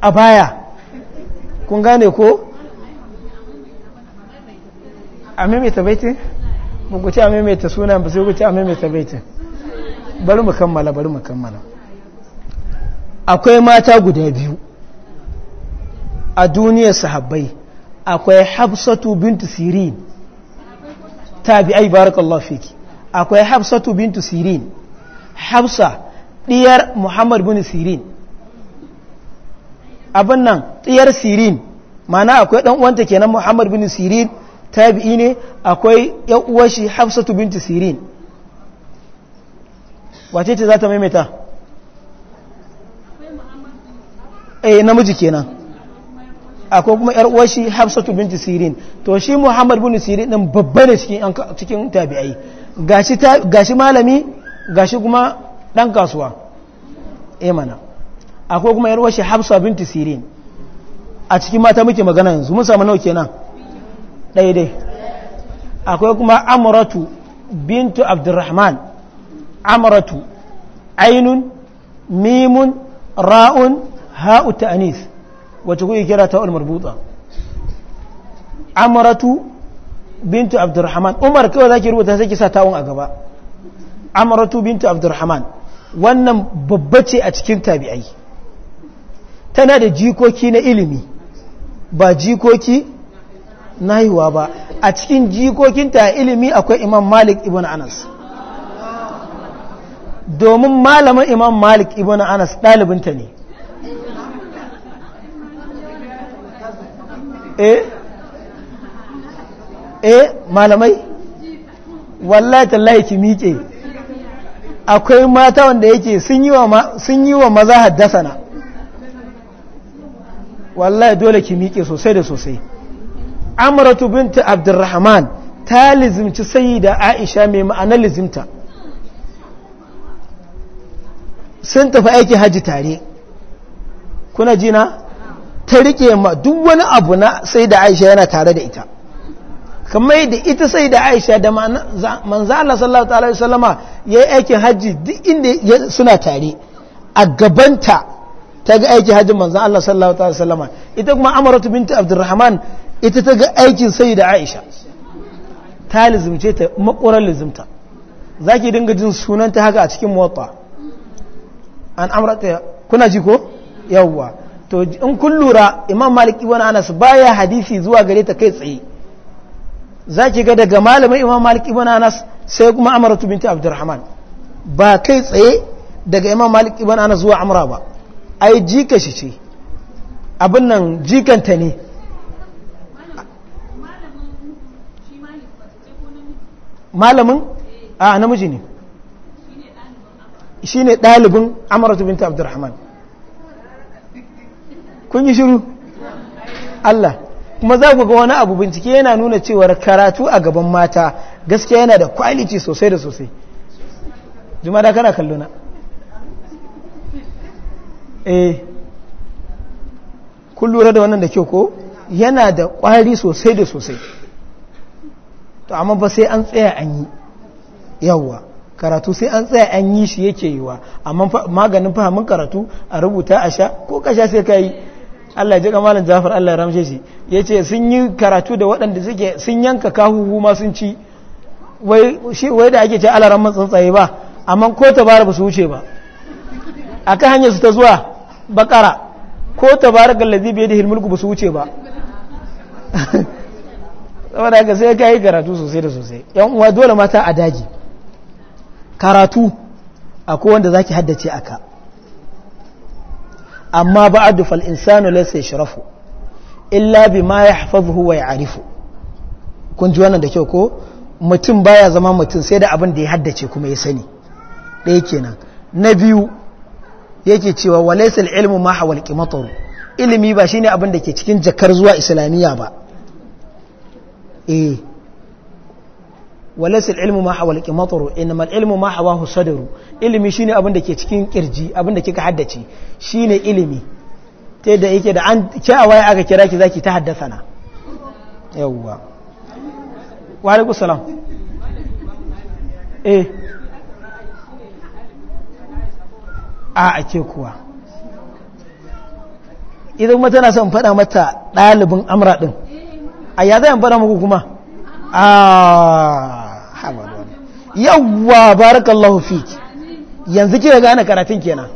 [SPEAKER 1] a baya kun gane ko a maimaita baitin ba ce a maimaita suna ba sai ku ce a maimaita baitin bari mu kammala bari mu kammala akwai mata guda biyu a duniyar sahabbai akwai hafsatu bintu sirin ta bi ai barakallahu fiki akwai hafsatu bintu sirin hafsa diyar muhammad bin sirin abin nan diyar sirin mana akwai ɗan uwanta kenan muhammad bin sirin tabi'i ne akwai yan uwar shi hafsatu binti sirin wace ce za ta maimaita eh namiji kenan akwai kuma yar shi hafsatu binti sirin to shi muhammad bin sirin ɗin babba ne cikin cikin tabi'ai gashi malami gashi kuma ɗan kasuwa eh mana akwai kuma yarwar shi hafsa binti sirin a cikin mata muke magana yanzu mun samu nau kenan daidai akwai kuma amuratu bintu abdurrahman amuratu ainun mimun ra'un ha'u ta'anis wacce kuke kira ta ulmarbuta amuratu bintu abdurrahman umar kawai za ki rubuta sai ki sa ta'un a gaba amuratu bintu abdurrahman wannan babba ce a cikin tabi'ai tana da jikoki na ilimi ba jikoki na haihuwa ba a cikin jikokinta ilimi akwai imam malik ibn anas domin malamin imam malik ibn anas ɗalibinta ne eh eh malamai wallahi tallahi ki miƙe akwai mata wanda yake sun yi wa maza haddasa haddasana wallahi dole ki miƙe sosai da sosai amuratu binta abdurrahman ta lizimci sayi da aisha mai ma'anar lizimta sun tafi aiki hajji tare kuna jina ta riƙe ma duk wani abu na sai da aisha yana tare da ita kamar da ita sai da aisha da manzala sallallahu ta'ala alaihi wasallama ya yi aikin hajji duk inda suna tare a gabanta ta ga aikin hajji manzala sallallahu ta'ala alaihi wasallama ita kuma amaratu binta abdurrahman ita ta ga aikin sai da aisha ta lizimce ta makwarar lizimta za ki dinga jin sunanta haka a cikin muwatta an amrata kuna ji ko yawwa to in kun lura imam malik ibn anas baya hadisi zuwa gare ta kai tsaye za ki ga daga malamin imam malik ibn anas sai kuma amaratu binti abdurrahman ba kai tsaye daga imam malik ibn anas zuwa amra ba ai jika shi ce abin nan jikanta ne malamin a namiji ne shi ne ɗalibin amaratu binti abdurrahman kun yi shiru allah kuma za ku ga wani abu bincike yana nuna cewar karatu a gaban mata gaskiya yana da kwaliti sosai da sosai jumada kana kallona eh kun lura da wannan da kyau ko yana da kwari sosai da sosai to amma ba sai an tsaya an yi yawwa karatu sai an tsaya an yi shi yake yiwa amma maganin fahimin karatu a rubuta a sha ko kasha sai ka yi Allah ya ji malam Jafar Allah ya ramshe shi yace sun yi karatu da waɗanda suke sun yanka kahuhu ma sun ci wai da ake ce alaran tsuntsaye ba amma ko tabara ba su wuce ba A ka hanyar su ta zuwa bakara ko ga ladhi bi da hilmulku ba su wuce ba saboda haka sai ka yi karatu sosai da sosai yan uwa dole mata a daji karatu akwai wanda zaki haddace aka amma ba'adu fal insanu laysa shirafu illa bima yahfazuhu wa ya'rifu kun ji wannan da kyau ko mutum baya zama mutum sai da abin da ya haddace kuma ya sani ɗaya kenan na biyu yake cewa wa laysa ilmu ma hawal qimatar ilimi ba shine abin da ke cikin jakar zuwa islamiyya ba eh walas ilmu ma hawal qimataru inmal ilmu ma hawahu sadaru ilimi shine abin da ke cikin kirji abin da kika haddace shine ilimi ta yadda yake da an kyawaye aka kira ki zaki ta haddasa na yawwa wa alaikum salam eh a ake kuwa idan mata na son faɗa mata ɗalibin amra ɗin a ya zai faɗa muku kuma a yawwa barakallahu fiki yanzu kika gane karatun kenan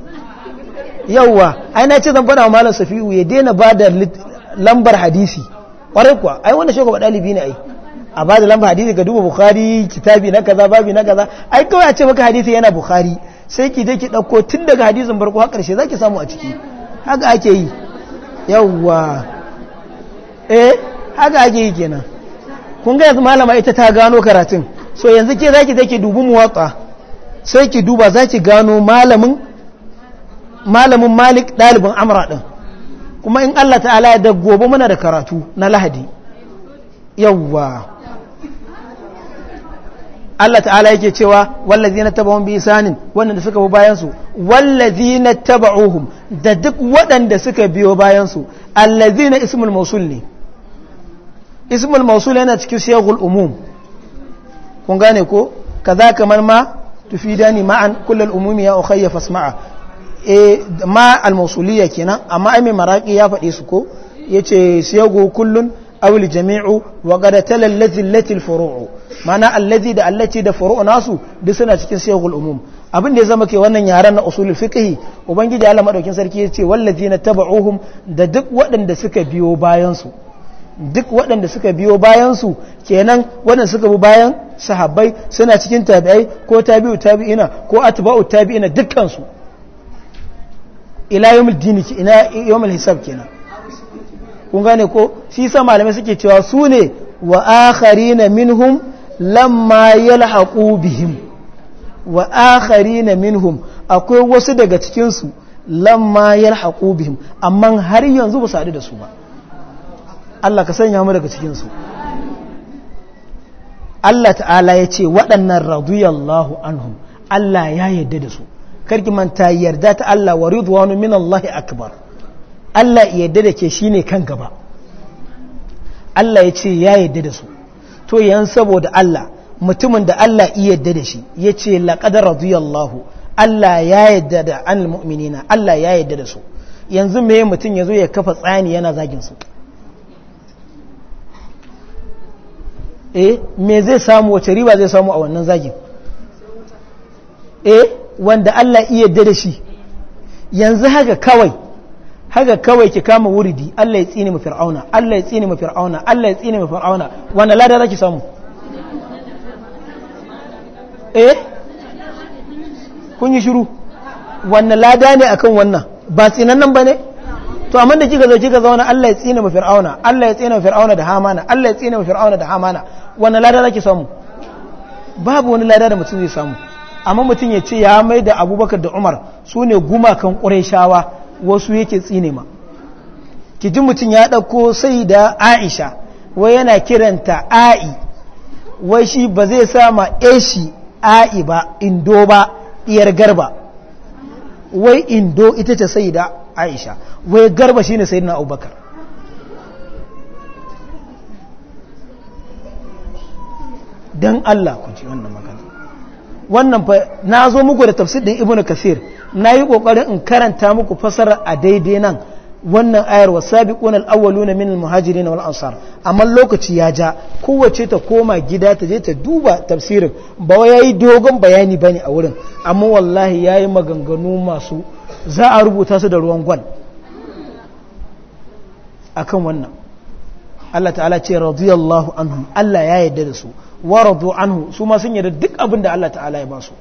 [SPEAKER 1] yawwa ai na ce zan bada wa malam safiu ya daina ba da lambar hadisi kwarai kuwa ai wannan shi ba dalibi ne ai a bada lambar hadisi ga duba bukhari kitabi na kaza babi na kaza ai kawai a ce maka hadisi yana bukhari sai ki je ki dauko tun daga hadisin barko har karshe za ki samu a ciki haka ake yi yawwa eh haka ake yi kenan kun ga yanzu malama ita ta gano karatun so yanzu ke zaki zai ki dubi muwatta sai ki duba za ki gano malamin malik ɗalibin amra ɗin kuma in allah ta'ala ya gobe muna da karatu na lahadi yawwa allah ta'ala yake cewa wallazi na taba bi isanin waɗanda suka bi bayansu wallazi na taba da duk waɗanda suka biyo bayansu allazi na ismul mausul ne ismul mausul yana cikin shegul umum kun gane ko ka kaza kamar ma tufidani ma'an kullal umumi ya ukhayya fasma'a e ma al-mawsuliyya kenan amma ai mai maraki ya faɗi su ko yace siyagu kullun aw al-jami'u wa qad talallati allati al-furu'u mana allazi da allati da furu'u nasu duk suna cikin siyagul umum abin da ya zama ke wannan yaren na usulul fiqhi ubangiji Allah madaukin sarki yace wallazina taba'uhum da duk waɗanda suka biyo bayan su duk waɗanda suka biyo bayansu kenan waɗanda suka bi bayan sahabbai suna cikin tabi'ai ko tabi'u tabi'ina ko atba'u tabi'ina dukkansu ila yawmul dini ina yawmul hisab kenan kun gane ko shi sa malamai suke cewa su ne wa akharina minhum lamma yalhaqu bihim wa akharina minhum akwai wasu daga cikin su lamma yalhaqu bihim amma har yanzu ba su haɗu da su ba Allah ka sanya mu daga cikinsu Allah ta'ala ya ce waɗannan radiyallahu anhum Allah ya yarda da su karki manta yarda ta Allah wa ridwanu min Allah akbar Allah ya yarda da ke shine kan gaba Allah ya ce ya yarda da su to yan saboda Allah mutumin da Allah ya yarda da shi ya ce laqad radiyallahu Allah ya yarda da al Allah ya yarda da su yanzu me mutum yazo ya kafa tsani yana zagin su eh me zai samu wace riba zai samu a wannan zagin eh wanda Allah iya da shi yanzu haka kawai haka kawai ki kama wuridi Allah ya tsine mu fir'auna Allah ya tsine mu fir'auna Allah ya tsine mu fir'auna wanda lada zaki samu eh kun yi shiru wannan lada ne akan wannan ba tsinan nan bane to amma da kika zo kika zauna Allah ya tsina mu fir'auna Allah ya tsina mu fir'auna da hamana Allah ya tsina mu fir'auna da hamana wannan lada zaki samu babu wani lada da mutum zai samu amma mutum ya ce ya mai da abubakar da umar su ne gumakan ƙurashawa wasu yake tsine ma ki ji mutum ya ɗauko sai da aisha wai yana kiranta a'i wai shi ba zai ma eshi a'i ba indo ba ɗiyar garba wai indo ita ce sai aisha wai garba shine sayyidina abubakar dan Allah ku ji wannan magana wannan fa na zo muku da tafsir din ibnu kasir na yi kokarin in karanta muku fasara a daidai nan wannan ayar wasabiqun al-awwaluna min al-muhajirin wal ansar amma lokaci ya ja kowace ta koma gida ta je ta duba tafsirin ba wai yayi dogon bayani ba ne a wurin amma wallahi yayi maganganu masu za a rubuta su da ruwan gwal kan wannan Allah ta'ala ce radiyallahu anhu Allah ya yarda da su wa radu anhu su ma sun yarda duk abin da Allah ta'ala ya ba su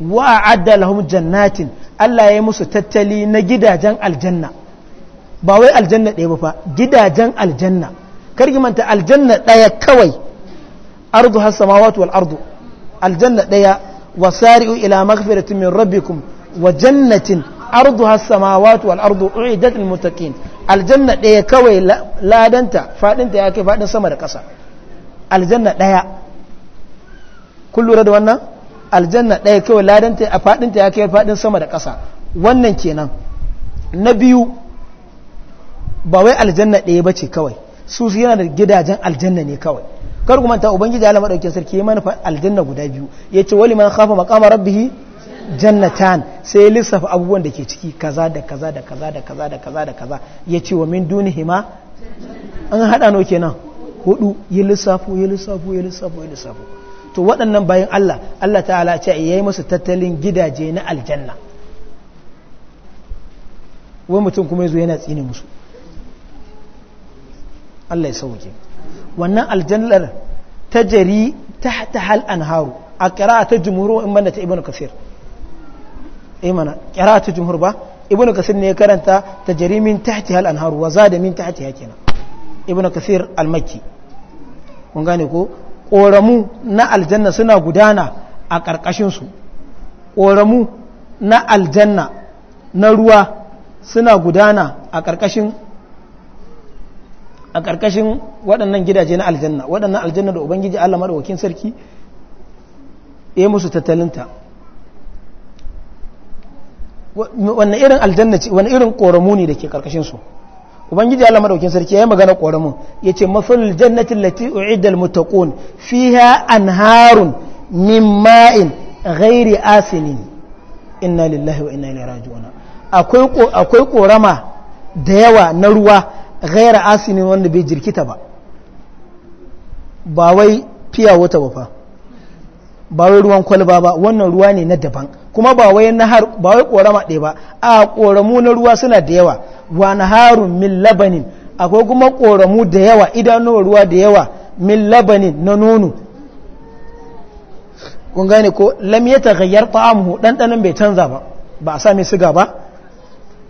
[SPEAKER 1] wa a'adda lahum jannatin Allah ya yi musu tattali na gidajen aljanna ba wai aljanna ɗaya ba fa gidajen aljanna kar manta aljanna ɗaya kawai ardu has samawati wal ardu aljanna ɗaya wasari'u ila maghfiratin min rabbikum wa jannatin arduha as-samawati wal ardu u'idat lil muttaqin aljanna daya kawai ladanta fadin ta yake fadin sama da kasa aljanna daya kun da wannan aljanna daya kawai ladanta a sama da kasa wannan kenan na biyu ba wai aljanna daya bace kawai su yana da gidajen aljanna ne kawai kar ku manta ubangiji a madaukakin sarki ya manufa aljanna guda biyu yace wali man khafa maqama rabbih jannatan sai lissafa abubuwan da ke ciki kaza da kaza da kaza da kaza da kaza da kaza ya ce wa min dunihima an haɗa no kenan hudu yi lissafo ya lissafo ya lissafo ya lissafo to waɗannan bayan Allah Allah ta'ala ce ya yi masa tattalin gidaje na aljanna wani mutum kuma zo yana tsini musu Allah ya sauke wannan aljannar ta jari ta hal anharu a kira ta jumuru in banda ta ibnu kasir imana qira'atu jumhur ba ibnu kasir ne ya karanta tajrimin tahti hal anhar wa zada min tahti hakina ibnu kasir al-makki kun gane ko koramu na aljanna suna gudana a karkashin su koramu na aljanna na ruwa suna gudana a karkashin a karkashin waɗannan gidaje na aljanna waɗannan aljanna da ubangiji Allah madaukakin sarki ya musu tattalinta wanne irin aljanna ce wanne irin koramu ne da ke karkashin su ubangiji Allah madaukin sarki ya yayi magana koramun yace mafal jannati allati u'ida al muttaqun fiha anharun min ma'in ghairi asinin inna lillahi wa inna ilaihi raji'un akwai akwai korama da yawa na ruwa ghairi asinin wanda bai jirkita ba ba wai fiya wata ba fa ba wai ruwan kwalba ba wannan ruwa ne na daban kuma ba wai na har ba wai korama ɗaya ba a koramu na ruwa suna da yawa wa na harun min labanin akwai kuma koramu da yawa idanuwar ruwa da yawa min labanin na nono kun gane ko lam ya gayyar ta'amuhu ɗanɗanin bai canza ba ba a sa mai siga ba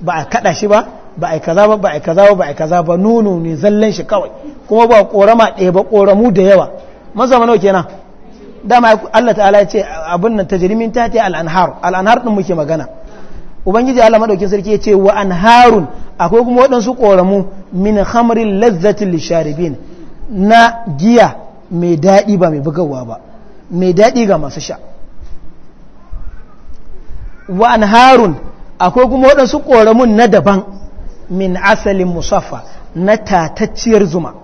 [SPEAKER 1] ba a kaɗa shi ba ba a kaza ba ba a kaza ba ba a kaza ba nono ne zallan shi kawai kuma ba ƙorama ɗaya ba koramu da yawa maza mana kenan dama Allah ta'ala ya ce abin nan tajrimin ta ta al-anhar al-anhar din muke magana ubangiji Allah madaukin sarki ya ce wa anharun akwai kuma waɗansu ƙoramu min hamarin lazzatin lisharibin na giya mai daɗi ba mai bugawa ba mai daɗi ga masu sha wa anharun akwai kuma waɗansu ƙoramun na daban min asalin musaffa na tatacciyar zuma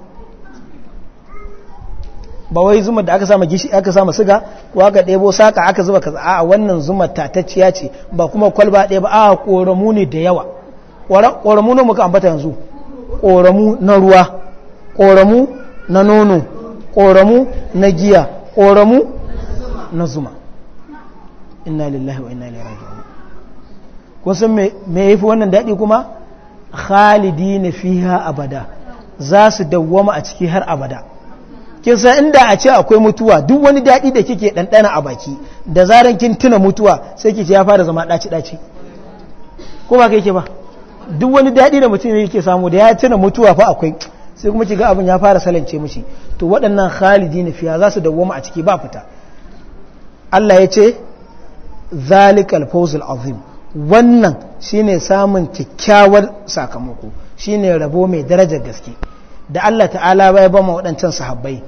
[SPEAKER 1] ba wai zuma da aka sama gishi aka sama siga ko aka ɗebo saka aka zuba kaza a'a wannan zuma tatacciya ce ba kuma kwalba ɗaya ba a'a ƙoramu ne da yawa ƙoramu ne muka ambata yanzu ƙoramu na ruwa ƙoramu na nono ƙoramu na giya ƙoramu na zuma inna lillahi wa inna ilaihi raji'un ko san me yafi wannan daɗi kuma khalidina fiha abada za su dawwama a ciki har abada kin san inda a ce akwai mutuwa duk wani daɗi da kike ɗanɗana a baki da zaran kin tuna mutuwa sai ki ya fara zama ɗaci ɗaci ko ba kai ke ba duk wani daɗi da mutum yake samu da ya tuna mutuwa fa akwai sai kuma kiga abin ya fara salance mishi to waɗannan khalidi na fiya za su dawoma a ciki ba fita Allah ya ce zalikal fawzul azim wannan shine samun kyakkyawar sakamako shine rabo mai darajar gaske da Allah ta'ala bai ba ma waɗancan sahabbai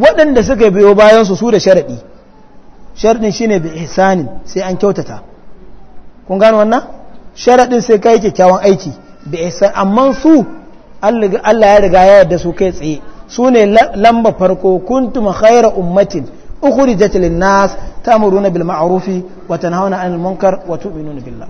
[SPEAKER 1] waɗanda suka biyo bayansu su da sharaɗi sharaɗin shine bi ihsanin sai an kyautata kun gano wannan sharaɗin sai kai kyakkyawan aiki bi ihsan amma su Allah ya riga ya yarda su kai tsaye su ne lamba farko kuntum khayra ummatin ukhrijat lin nas ta'muruna bil ma'ruf wa tanhauna 'anil munkar wa tu'minuna billah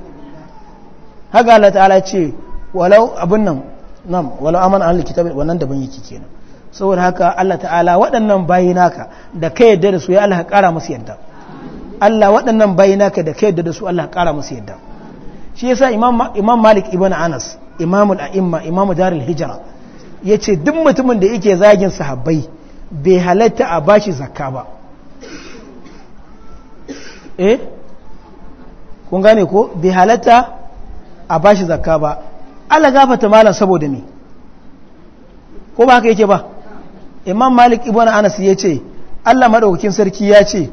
[SPEAKER 1] haka Allah ta'ala ce walau abun nan nam walau amana ahlul kitab wannan daban yake kenan saboda haka Allah ta'ala waɗannan bayi naka da ka yadda da su ya Allah ƙara musu yadda Allah waɗannan bayi naka da ka yadda da su Allah ƙara musu yadda shi yasa imam imam Malik ibn Anas imamul a'imma imam darul hijra yace duk mutumin da yake zagin sahabbai bai halatta a bashi zakka ba eh kun gane ko bai halatta a bashi zakka ba Allah gafata malam saboda me ko ba haka yake ba imam malik ibn anas ya ce allah maɗaukakin sarki ya ce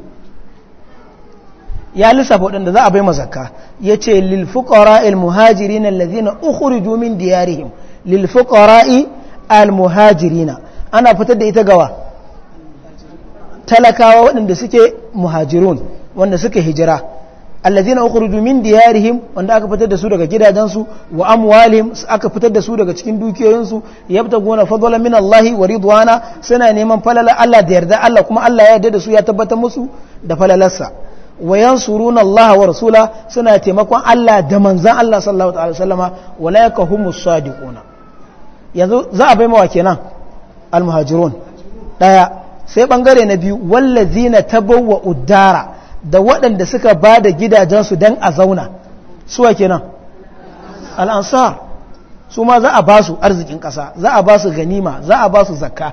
[SPEAKER 1] ya lissafa waɗanda za a bai mazaka ya ce lilfuƙara ilmuhajirina allazina ukhriju min diyarihim lilfuƙara'i almuhajirina ana fitar da ita gawa talakawa waɗanda suke muhajirun wanda suke hijira allazina ukhruju min diyarihim wanda aka fitar da su daga gidajensu wa amwalihim aka fitar da su daga cikin dukiyoyinsu yabtaguna fadlan min Allah wa ridwana suna neman falala Allah da yarda Allah kuma Allah ya yarda da su ya tabbatar musu da falalarsa wa yansuruna Allah wa rasula suna taimakon Allah da manzon Allah sallallahu alaihi wasallama walaika humus sadiquna yanzu za a bai mawa kenan almuhajirun daya sai bangare na biyu wallazina tabawwa udara da waɗanda suka ba da gidajensu don a zauna suwa kenan al'ansar su ma za a ba su arzikin ƙasa za a ba su ganima za a ba su zakka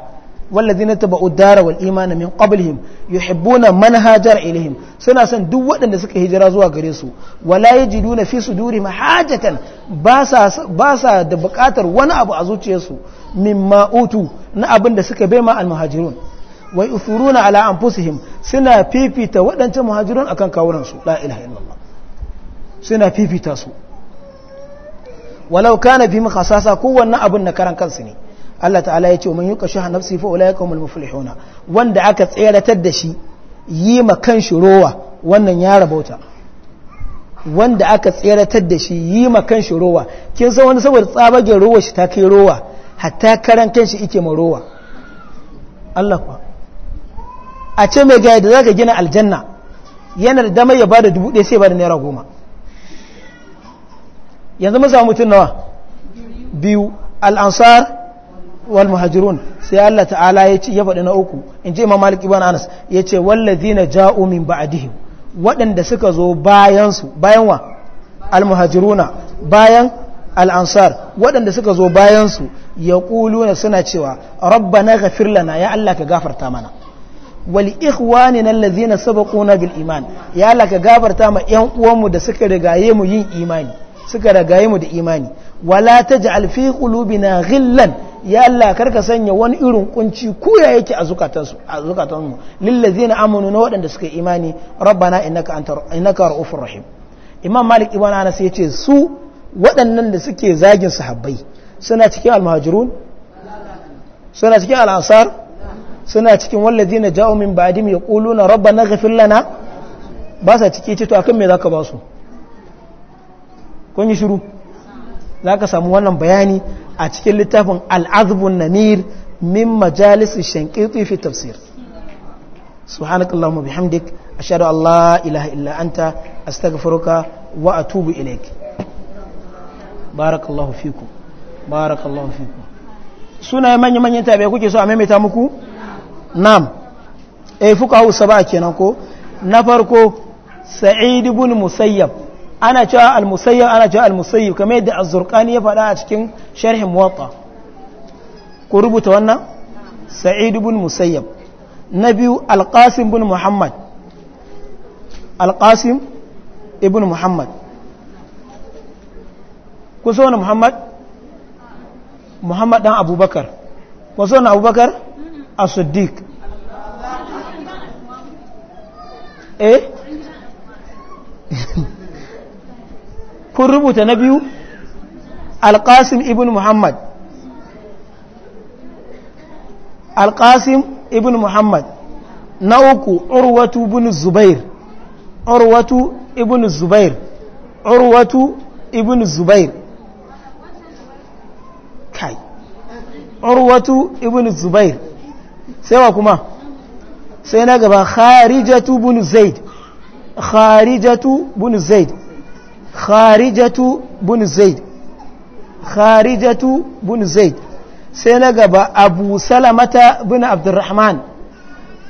[SPEAKER 1] wallazina taba'u dara wal imana min qablihim yuhibbuna man hajara ilaihim suna son duk waɗanda suka hijira zuwa gare su wala yajiduna fi sudurihim hajatan ba sa ba sa da buƙatar wani abu a zuciyarsu mimma utu na abin da suka bai ma al muhajirun Wai yuthuruna ala anfusihim suna fifita waɗancan muhajirun akan kawunan su la ilaha illallah suna fifita su walau kana bi khasasa kowanne abin na karan kansu ne Allah ta'ala ya ce man yuka shuha nafsi fa ulaika humul muflihuna wanda aka tseratar da shi yi ma kanshi rowa wannan ya rabauta wanda aka tseratar da shi yi ma kanshi rowa kin san wani saboda tsabage rowa shi ta kai rowa hatta karan kanshi ike ma rowa Allah kuwa a ce mai gaya da zaka gina aljanna yana da damar ya ba da dubu ɗaya sai ba da naira goma yanzu mun samu mutum nawa biyu al'ansar wal muhajirun sai Allah ta'ala ya ce ya faɗi na uku in ji imam malik ibn anas ya ce wallazina ja'u min ba'dihim waɗanda suka zo bayan su bayan wa al muhajiruna bayan al ansar waɗanda suka zo bayan su yaquluna suna cewa rabbana ghafir lana ya Allah ka gafarta mana wali ikhwani nan lazina sabaquna bil iman ya Allah ka gafarta ma yan uwanmu da suka ragaye mu yin imani suka ragaye mu da imani wala taj'al fi na ghillan ya Allah ka sanya wani irin kunci kuya yake a zukatansu a zukatanmu lil na waɗanda suka imani rabbana innaka antar rahim imam malik ibn anas ce su waɗannan da suke zagin sahabbai suna cikin almahajirun suna cikin al'asar suna cikin wallazi na ja'o min ba'adim ya ƙulu na na gafin lana ba sa ciki ce to akan me za ka ba su kun yi shiru za ka samu wannan bayani a cikin littafin al'azbun namir min majalis shankirti fi tafsir subhanakallahumma bihamdik ashhadu an la ilaha illa anta astaghfiruka wa atubu ilaik barakallahu fikum barakallahu fikum sunaye manya manyan tabi'a kuke so a maimaita muku e eh, fuka hausa ba kenan ko na farko sa'id ibn musayyab ana cewa al-musayyab ana cewa al musayyab kamar da az-zurqani ya faɗa a cikin sharhin muwatta ku rubuta wannan sa'id ibn musayyab na biyu al-qasim ibn muhammad al-qasim ibn muhammad ku so wani muhammad muhammad dan abubakar ku so wani abubakar as-siddiq eh kun rubuta na biyu alƙasim ibn muhammad alƙasim ibn muhammad na uku urwatu ibn zubair urwatu ibn zubair urwatu ibn zubair kai urwatu ibn zubair sai kuma sai na gaba kharijatu bin zaid kharijatu bin zaid kharijatu bin zaid kharijatu bin zaid sai na gaba abu salamata bin abdurrahman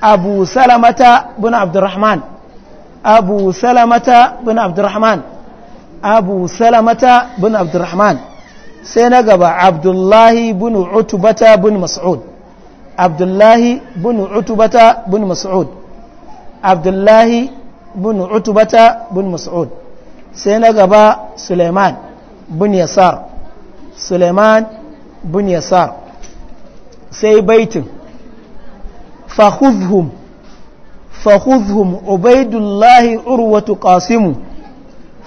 [SPEAKER 1] abu salamata bin abdurrahman abu salamata bin abdurrahman abu salamata bin abdurrahman sai na gaba abdullahi bin utubata bin mas'ud abdullahi bin utubata bin mas'ud abdullahi bin utubata bin mas'ud sai na gaba suleiman bin yasar suleiman bin yasar sai baitin fahuzhum fahuzhum ubaidullahi urwatu qasimu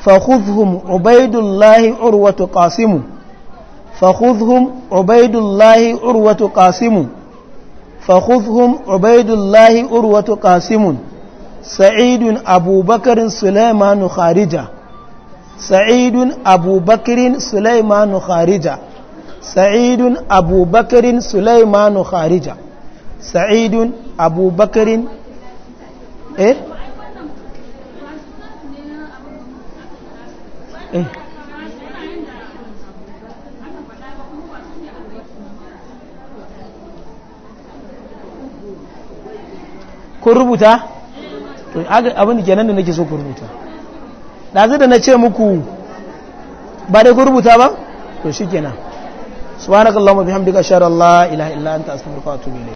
[SPEAKER 1] فخذهم عبيد urwatu عروة قاسم فخذهم urwatu الله فخذهم عبيد الله أروة قاسم سعيد أبو بكر سليمان خارجة سعيد أبو بكر سليمان خارجة سعيد أبو بكر سليمان خارجة سعيد أبو بكر إيه إيه kun rubuta to abin da kenan da nake so ku rubuta ɗazu da na ce muku ba dai kun rubuta ba to shi kenan subhanakallahumma bihamdika kallon an la ilaha illa anta astaghfiruka wa atubu ilayk